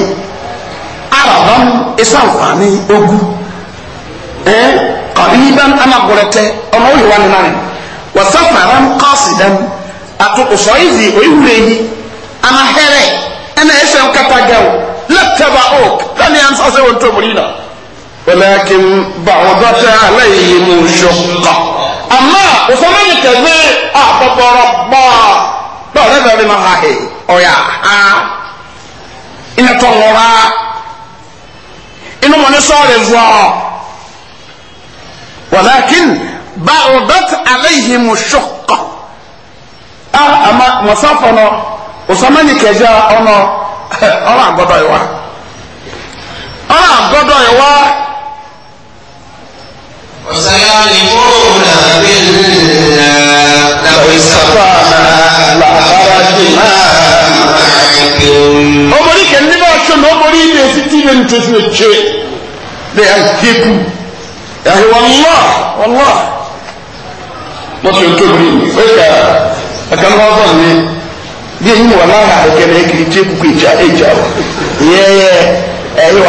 araban e sànfàní ogu ɛn e, kɔriban anagbɔrɛtɛ ɔmɔ oyi wani nani izi oyiwure yi anahɛrɛ ɛna ɛsɛn katagaw lɛtɛba ok lɛni ansa sɛ wɔn tó mori na. walakin bacdata alayhim shuqa amma usamani dɔw yɛrɛ bɛ bɛ ma ha he ɔya oh, ha ina tɔ ŋɔra inu mɔni sɔɔri vɔ walakin baadat alayhi mu shukka a ah, ama mɔsa fɔnɔ osama ni kɛjɛ ɔnɔ ɔlɔ agɔdɔ yi wa ɔlɔ agɔdɔ yi wa. وسيعلمون بالله لو استطعنا na معكم أمري كان لما أشن أمري بيستي من تسلتشي بيأكيكو يعني والله والله ما تشوفني فكا أكمل هذا bí yìí wà láàrin àdókẹ́rẹ́ ekiri tí kúkú ìjà ìjà o yẹ́yẹ́ ẹ̀yẹ́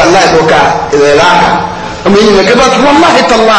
wà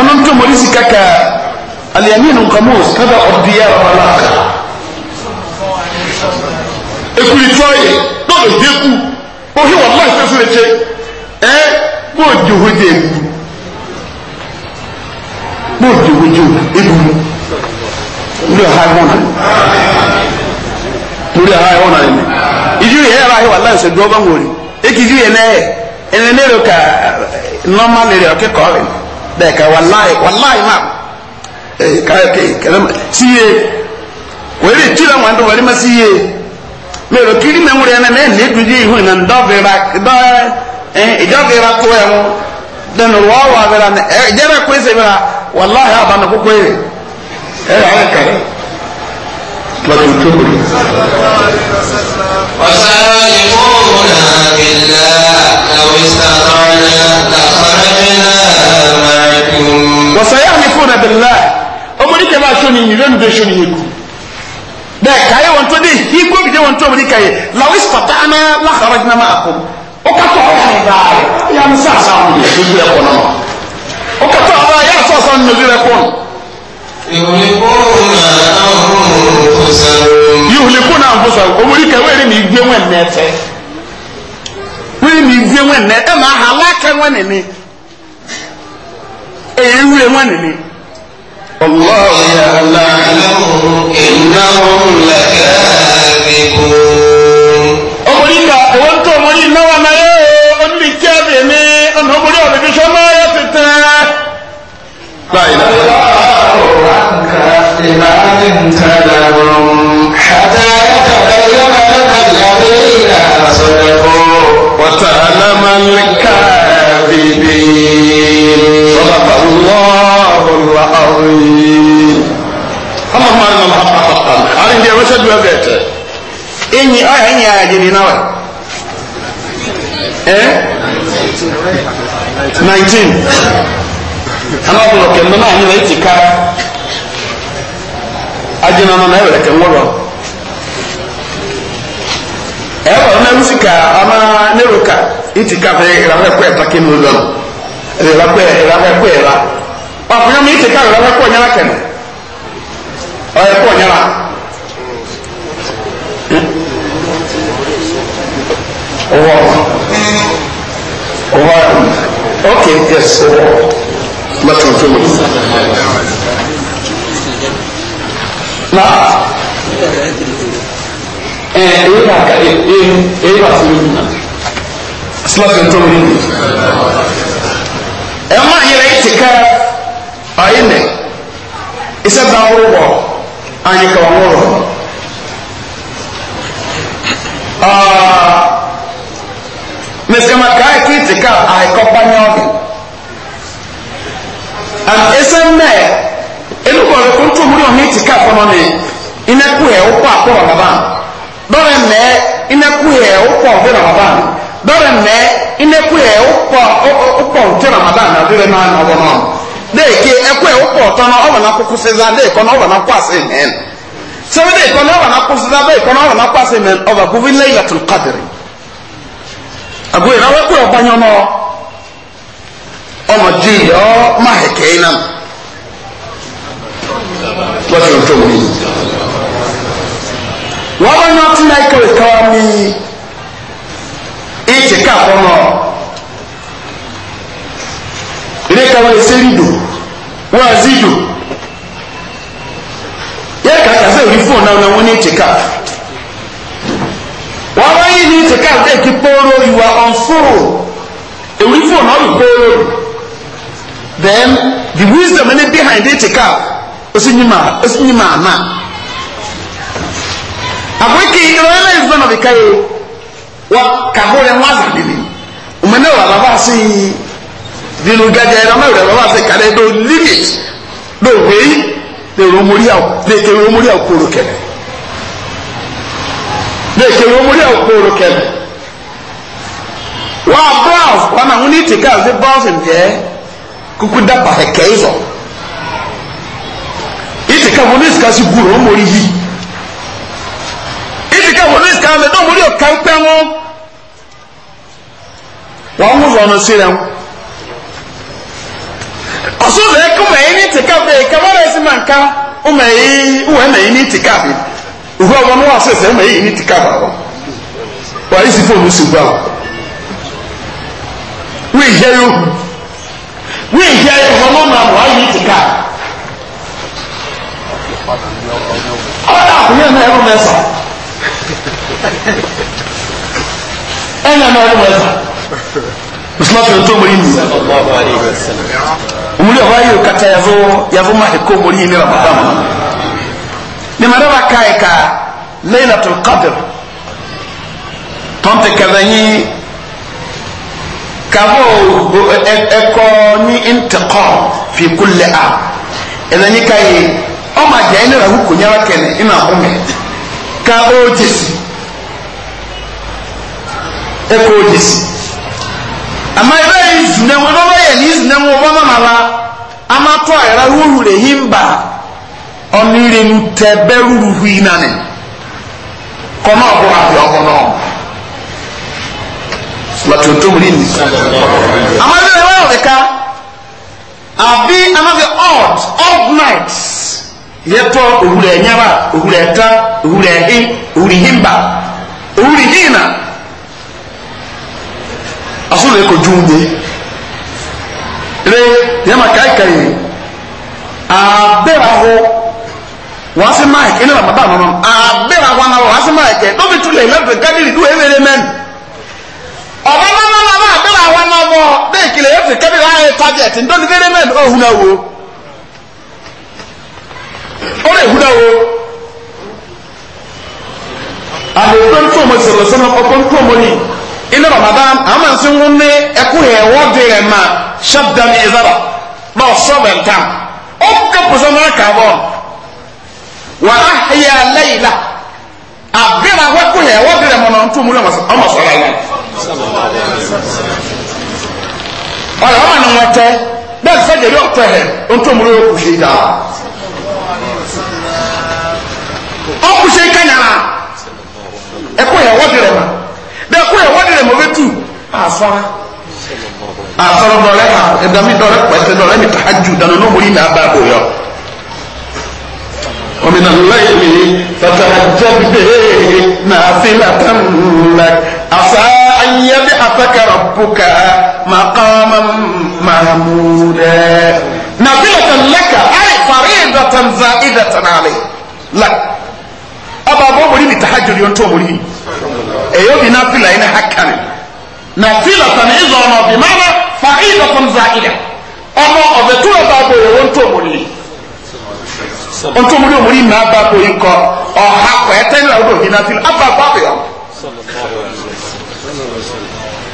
ọ̀nà tó mọ̀rí ka ka aliyaminu kamus kada ọ̀dìyà ọ̀la ekuli tọ́yì lọ́dọ̀ dẹ́kù ohi wà láì fẹ́ fẹ́ tẹ́ ẹ́ bó jòwó dé ewu bó jòwó ni na ara wà láì sẹ́dúró bá wọlé bẹẹ ka wàláyé wàláyé ma ee káyọ kéye kẹlẹ ma si ye wẹẹrẹ tí la wọn tó wẹẹrẹ ma si ye mẹ o kiri mẹ ŋun rẹ nà ẹ lé dundé ihu nà ndọ́bìrà dọ́ ẹ ìdọ́bìrà tó ẹ mu dẹnu wọ́ọ́ wà bẹ̀rẹ̀ nà ẹ jẹ́rẹ̀ kó ẹsẹ̀ bẹ̀rẹ̀ wàláyé àbánu kókó yẹ ẹ yà ẹ kẹrẹ. Wàsálàmù náà. na ma ko o ka to ya ni ba ya ni sa sa mu ni bi ko no o ka to ba ya sa sa mu bi ko yuhulikuna anfusahum omori ka wɛrɛ ni igbe wɛn nɛɛfɛ wɛrɛ ni igbe wɛn nɛ ɛna ahalaka wɛn nini èyí wúre wọ́n e e nìní. Allahu ya'lamu innahum lakadibun. Ọmọ nígbà owó لا إله الله أكبر بما امتلهم حتى يتبين لك الذين صدقوا وتعلم الكاذبين صدق الله العظيم اللهم ارنا الحق حقا ارنا يا مسجد وبيته اني اه اني يا جدي نوى ايه 19 anabolo kɛmɛ naa nyina eti ka agyina no na ɛwɛrɛ kɛmɔrɔ ɛwɔ na ewusi ka ama nero ka eti ka fɛ ɛrɛbɛ kɔ ɛta kɛ nolo no ɛrɛbɛ kɔ ɛrɛbɛ kɔ ɛra ɔkunya mi eti ka ɛrɛbɛ kɔ nyala kɛmɛ ɔyɛ kɔ nyala ɔwɔ ɔwɔ ok yes ɔwɔ lọ́tọ̀ tó wọ̀. na ẹ èyí bá ká ẹ èyí bá sí lójú náà sílọ́tọ̀ tó wọ̀. ẹ máa yẹrẹ ẹ ti ká ayé nẹ iṣẹ́ bá wọ́n wọ̀ anyi ka wọ́n wọ̀. Mr. Makai kìtìkà àìkọ́pá ní ọ̀gbìn and esen nɛ e, enu kɔrɔ ko ntu mu ni ɔmi ti ka kɔnɔ ni ina ku yɛ wokɔ akɔrɔ baba dɔrɛ mɛ ina ku yɛ wokɔ ɔbɛrɛ baba mɛ ina ku yɛ wokɔ wokɔ ɔbɛrɛ baba na ɔbɛrɛ na ɔbɔ naa deeke ɛkɔ yɛ wokɔ na ɔbɛ e e na koko seza deeke na ɔbɛ na kɔ ase mɛn sɛbi deeke na ɔbɛ na koko seza deeke na ɔbɛ na kɔ ase mɛn ɔbɛ bubi lɛyɛ tun kadiri agoye na ɔbɛ kɔ ọmọ dín yọ má hẹkẹ iná wọ́n ti tó mi. wọ́n bá yọ ọtí náà kẹwé kẹwàá mi ìtì káàpọ̀ náà ilé kẹwàá lè ṣe rídò wọ́n á zídò yẹ kàkà sẹ́yìn orí fóònù náà wọ́n ní ìtì káàpọ̀ wọ́n bá yìí ní ìtì káàpọ̀ èkì pòórò ìwà ọ̀nfòrò èwì fóònù ọ̀rùn pòórò then the wisdom ɛni behind it ka osi nyima osi nyima ana akweke ɛwɛlɛ is one of the kayo wa kahore nwaza nini umene wa baba si dinu gaja ɛrɛ ɔmɛ wɛrɛ baba si kare do limit do wei de romori awo de ke romori awo koro kɛlɛ de ke romori awo koro kɛlɛ wa bɔs wana wuli ti ka se bɔs njɛ kukuda pahɛkɛ zɔ itika mo ne sika si guro o mori yi itika mo ne sika mɛ dɔw mori o kan pɛ ŋo wa ŋo zɔ ɔno se la ŋo ɔso lɛ e ko mɛ yi ni tika bɛ yi kaba ma nka o mɛ yi o wɛ mɛ yi ni tika bi o fɛ wɔn wa o mɛ yi ni tika ba wɔ wa yi si fo olu si gba o wo yɛ yi o wíìhìá yẹ fún ọmọ àmọ ayé ti ká ọdọ àkùnyẹ náà ẹrú mẹsà ẹnà náà ẹrú mẹsà musulman fẹẹ tó mọyì nìyí òmùlẹ ọba yóò kata yàtọ yàtọ máa ẹkọ mọyì ní ramadan ní mẹrẹ bá ká ẹ ká lẹyìn àtúnkàdìr tọ́ntẹ̀kẹ̀rẹ̀ yín. kabo ɛkɔ e, e, e, ni ntɛkɔ fi kulle a ɛnani ka ye ɔma jɛ ɛna rahu konyara kɛnɛ ɛna ɔmɛ ka o jesi ɛkɔ o jesi ama ɛbɛ yi zinɛ wɔn ɔbɛ yɛ ni zinɛ wɔn ɔbɛ mama la ama tɔ ɛra wuru le yi ba ɔnirenu tɛ bɛ wuru hui nani kɔnɔ ɔbɔ abi ɔbɔ nɔ. matonto muri ni amadu ni wọn yọrọ ka abi anabi odd odd night yẹtọ owurọ ẹnyara owurọ ẹta owurọ ẹhin owurọ ihimba owurọ ihina asọlọ ẹkọ junde re yẹma kaikai abẹraho wọ́n sẹ́ máìkì ní ramadan nínú abẹ́rẹ́ àwọn ará wọ́n sẹ́ máìkì lọ́bi tún lè lẹ́bi kádìrì dúró ẹ̀mẹ́rẹ́ mẹ́rin. ekele ya fi kebe ha target ndo ni vere men o huna wo o le huna wo ale don to mo sele sele o kon to mo ni ina ramadan ama nsin won ne eku he wo dire ma shaddan izara ba so ben tam o ka poso na ka bon wa ahya layla abira wa ku he wo dire mo no to mo ma so ala ala ọ̀rọ̀ ọmọ ni wọ́n tẹ́ bẹ́ẹ̀ sẹ́jẹ̀ yóò tẹ̀ ẹ̀ ohun tó múlò kù ṣe dà. ó kù ṣe kányàrà ẹ̀kọ́ yẹ wọ́n dirẹ̀ mọ́ bẹ́ẹ̀ kọ́ yẹ wọ́n dirẹ̀ mọ́ bẹ́ẹ̀ tù àfa àtọ̀rọ̀ dọ̀rẹ́ ha ẹ̀dàmí dọ̀rẹ́ pẹ̀tẹ́ dọ̀rẹ́ mi tàájú dànù ní omori náà bá bò yọ. ومن الليل فتهجد به نافلة لك عسى أن يبعثك ربك مقاما محمودا نافلة لك أي فريضة زائدة عليه لا أبا أبو مريم تحجر ينتو مريم أيوب نافلة إن حكا نافلة إذا ما بمعنى فريضة زائدة أما أبتوى بابو ينتو مريم أنتو مريم مريم ما بابو ينكو أو حقا يتنى أبو هنا في الأبا بابو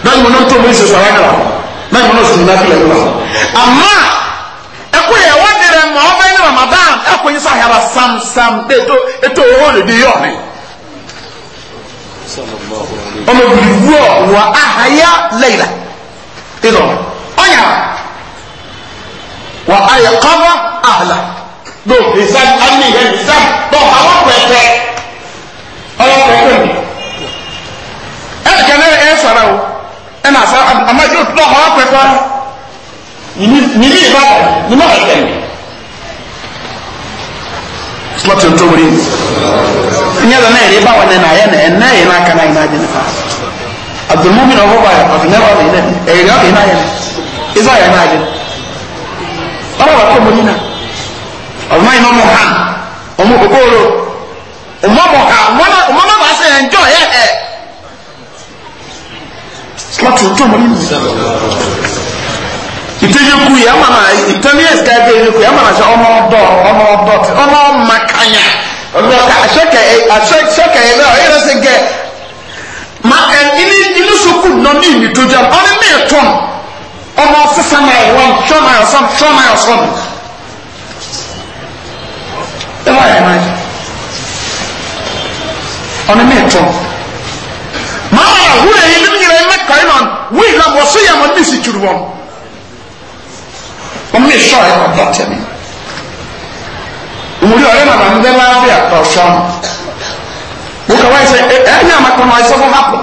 náà ni mo náà tó mo ṣe sọ̀rọ̀ àgbà náà ni mo náà sì náà kílẹ̀ nígbà. àmọ́ ẹkú yẹ wọ́n dirẹ̀ mọ́ ọbẹ̀ ní ramadan ẹkú yín sọ àyàrá samsam dé ètò ètò owó rẹ̀ di yọ̀ ni. ọmọ ìlú ọ̀ wà áhàyà lẹ́yìnlá ìlọ ọ̀yà wà áyà kọ́mọ́ àhàlà ló ìsàn àmì ìyẹn ìsàn lọ àwọn pẹ̀tẹ̀ ọlọ́pẹ̀tẹ̀ ẹ̀kẹ́ náà. ɛna asɛ ama o ba ni ma tó wuli n'a yɛrɛ ba nɛnɛ a n'a yɛrɛ n'a kana yɛ n'a jɛnɛ fa abdulmu mi na ɔfɔ ba yɛ ɔfi n'a ba yɛ ɛyɛ n'a n'a yɛ iza yɛ n'a jɛnɛ ɔlɔ wa kɔ yi n'ɔmɔ ɔmɔ kokoro ɔmɔ láti ojú ọmọ nínú ìtẹ́jẹ́kù yìí ama na ìtẹ́ni ẹ̀sìká ìtẹ́jẹ́kù yìí ama na sẹ ọmọ ọdọ ọmọ ọdọ ọmọ ọmọ kanya ọdọ asẹkẹ asẹkẹ yẹn náà gẹ ma ẹ ilé ilé sọkù nọ ní ìní tó jẹun ọdún mi tọ ọmọ sísá náà ẹ wọn tíọ náà ẹ sọm tíọ náà ẹ sọm ẹ wá yẹn náà ọdún mi tọ màá wúlò yìí mẹ́kọ̀ ẹ̀ náà wí ìlànà ọ̀sẹ̀ yẹn wọn ní ìsìtúrú wọn. wọ́n mi sọ ẹ̀ ọ̀dọ́ tẹ̀lé. òmùdí ọ̀rẹ́ màmá mi bẹ́ẹ̀ máa fi àtọ̀ sọ́n. mo kà wáyé sẹ ẹ ẹ ní àmàkọ́ náà ẹsẹ̀ fún hapò.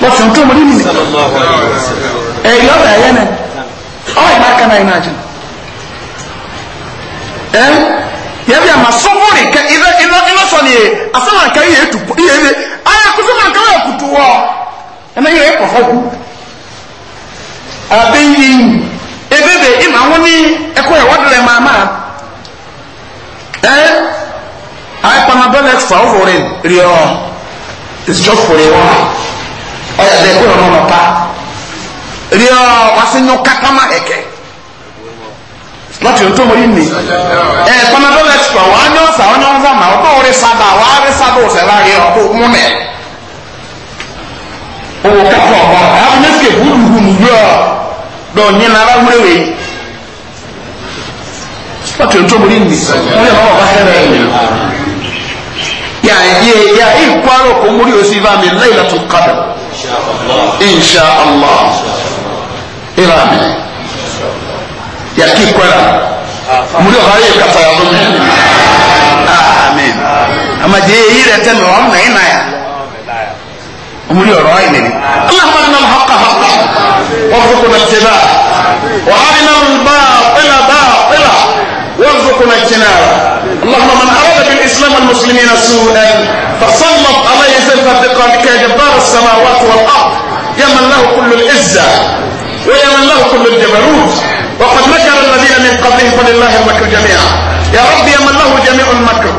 wọ́n fi ntọ́ mọ́lí nìyí. ẹ yọ ọ̀dà ẹ̀yẹ náà ọ̀ ẹ̀ máa kàn náà ẹ̀ náà jẹun yẹbi ama sọfúnni kẹ ilé ilé ilé sọni yẹ asọmọ nkà yẹ etu yẹ ebi ayé kùsùmọ nkà yẹ kutu wọ ẹnna yẹ ẹkọ fọkù abeyi ebebe ima wọn ni ẹkọ yẹ wọdọlẹ mama ẹ ayé panadol extra ọfọrin rìọ it's just for a while ọyọ dẹ ẹkọ yẹ ọmọ ọmọ pa rìọ wasinyo katama ẹkẹ láti ọ̀tọ́ mọ̀ yìí ni ẹ̀ panadol extra wà á ní ọ̀sà ọ̀nyá ọ̀sà mà ọ̀tọ̀ orí sábà wà á rí sábà òsèré àrí ọ̀kọ̀ múnẹ̀ owó kápọ̀ ọ̀bọ̀ ẹ̀ á ní sèké wúlúwú nìyọ dọ̀ ní nara wúlewé láti ọ̀tọ́ mọ̀ yìí ni wọ́n yẹ kọ́ ọ̀bá hẹ́rẹ́ yìí yà yé yà ìkwárò kò múrí òsì bá mi lẹ́yìn lọ́tún kọ́dọ̀ inṣàlá yakikwera mulio gari kata ya dhumu amin ama je ile tena wa na ina ya mulio roi nini اللهم ارنا الحق حقا وارزقنا اتباعه وارنا الباطل باطلا وارزقنا اجتنابه اللهم من اراد بالاسلام والمسلمين سوءا فسلط عليه زلفا بقادك يا جبار السماوات والارض يا من له كل العزه ويا من له كل الجبروت وقد مكر الذين من قبلهم فلله المكر جميعا يا رب يا من له جميع المكر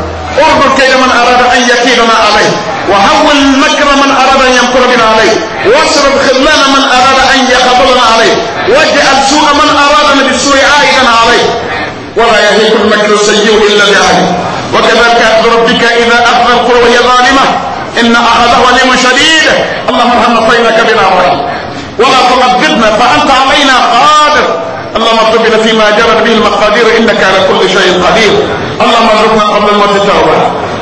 اربط كيد من اراد ان يكيدنا عليه وهول المكر من اراد ان يمكر بنا عليه واصرف خذلان من اراد ان يخذلنا عليه واجعل سوء من من بالسوء عائدا عليه ولا يهلك المكر السيء الا بعلم وكذلك اخذ ربك اذا اخذ القرى وهي ظالمه ان اخذه لم شديد اللهم ارحمنا فانك بنا ولا ترددنا فأنت علينا قادر اللهم ارزقنا فيما جرت به المقادير إنك على كل شيء قدير اللهم ارزقنا قبل الموت توبة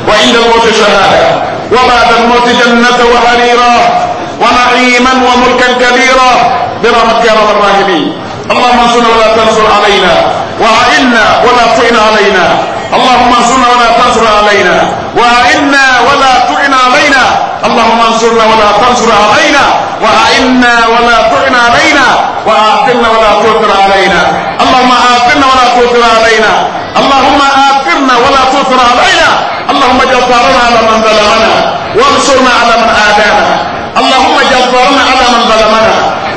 وعند الموت شهادة وبعد الموت جنة وحريرا ونعيما وملكا كبيرا برحمتك يا رب الراحمين اللهم انصرنا ولا تنصر علينا وعنا ولا تعن علينا اللهم انصرنا ولا تنصر علينا وعنا ولا تعن علينا اللهم انصرنا ولا تنصر علينا وأئنا ولا تعن علينا وآثرنا ولا تؤثر علينا اللهم آثرنا ولا تؤثر علينا اللهم آثرنا ولا تؤثر علينا اللهم جبرنا على من ظلمنا وانصرنا على من آذانا اللهم جبرنا على من ظلمنا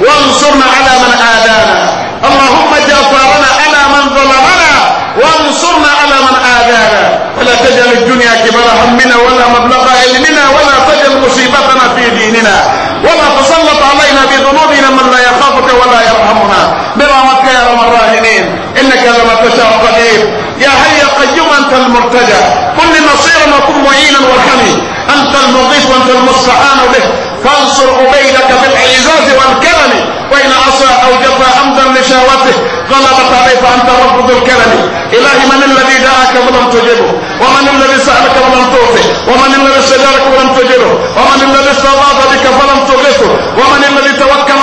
وانصرنا على من آذانا اللهم جبرنا على من ظلمنا وانصرنا على من آذانا ولا تجعل الدنيا كبر همنا ولا مبلغ علمنا ولا تجعل مصيبتنا في ديننا ولا بذنوبنا من لا يخافك ولا يرحمنا برحمتك يا ارحم الراحمين انك لما تشاء قدير يا أيها أنت المرتجى كن نصير وكن معينا وارحمي أنت المضيف وأنت المستعان به فانصر عبيدك بالإعزاز والكرم وإن عصى أو جفى أمدا لشهوته غلبت عليه فأنت رب ذو الكرم إلهي من الذي دعاك ولم تجبه ومن الذي سألك ولم تعطه ومن الذي استجارك ولم تجره ومن الذي استغاث بك فلم تغفر ومن الذي توكل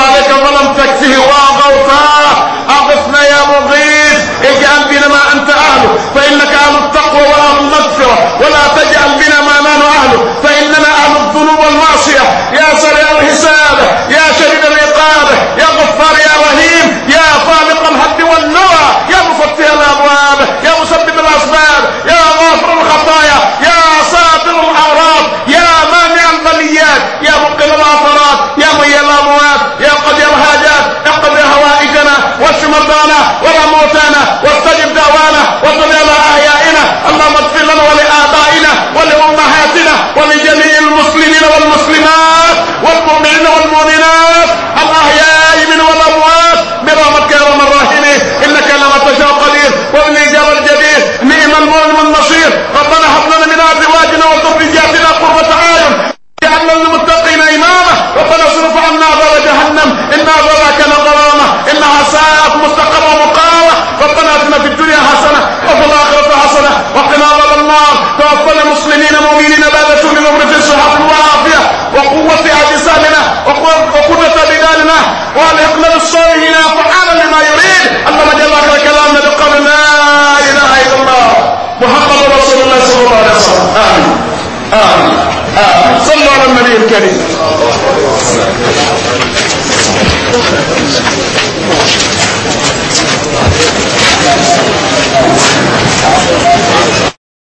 في الآخرة حسنة وقنا عذاب النار توفنا مسلمين مؤمنين بعد شغل في صحة وعافية وقوة أجسامنا وقوة بدالنا وان يقبل بالصالحين فعالا لما يريد اللهم جل آخر كلامنا بقول لا إله إلا الله محمد رسول الله صلى الله عليه وسلم آمين آمين آمين صلى على النبي الكريم Thank you. Thank you.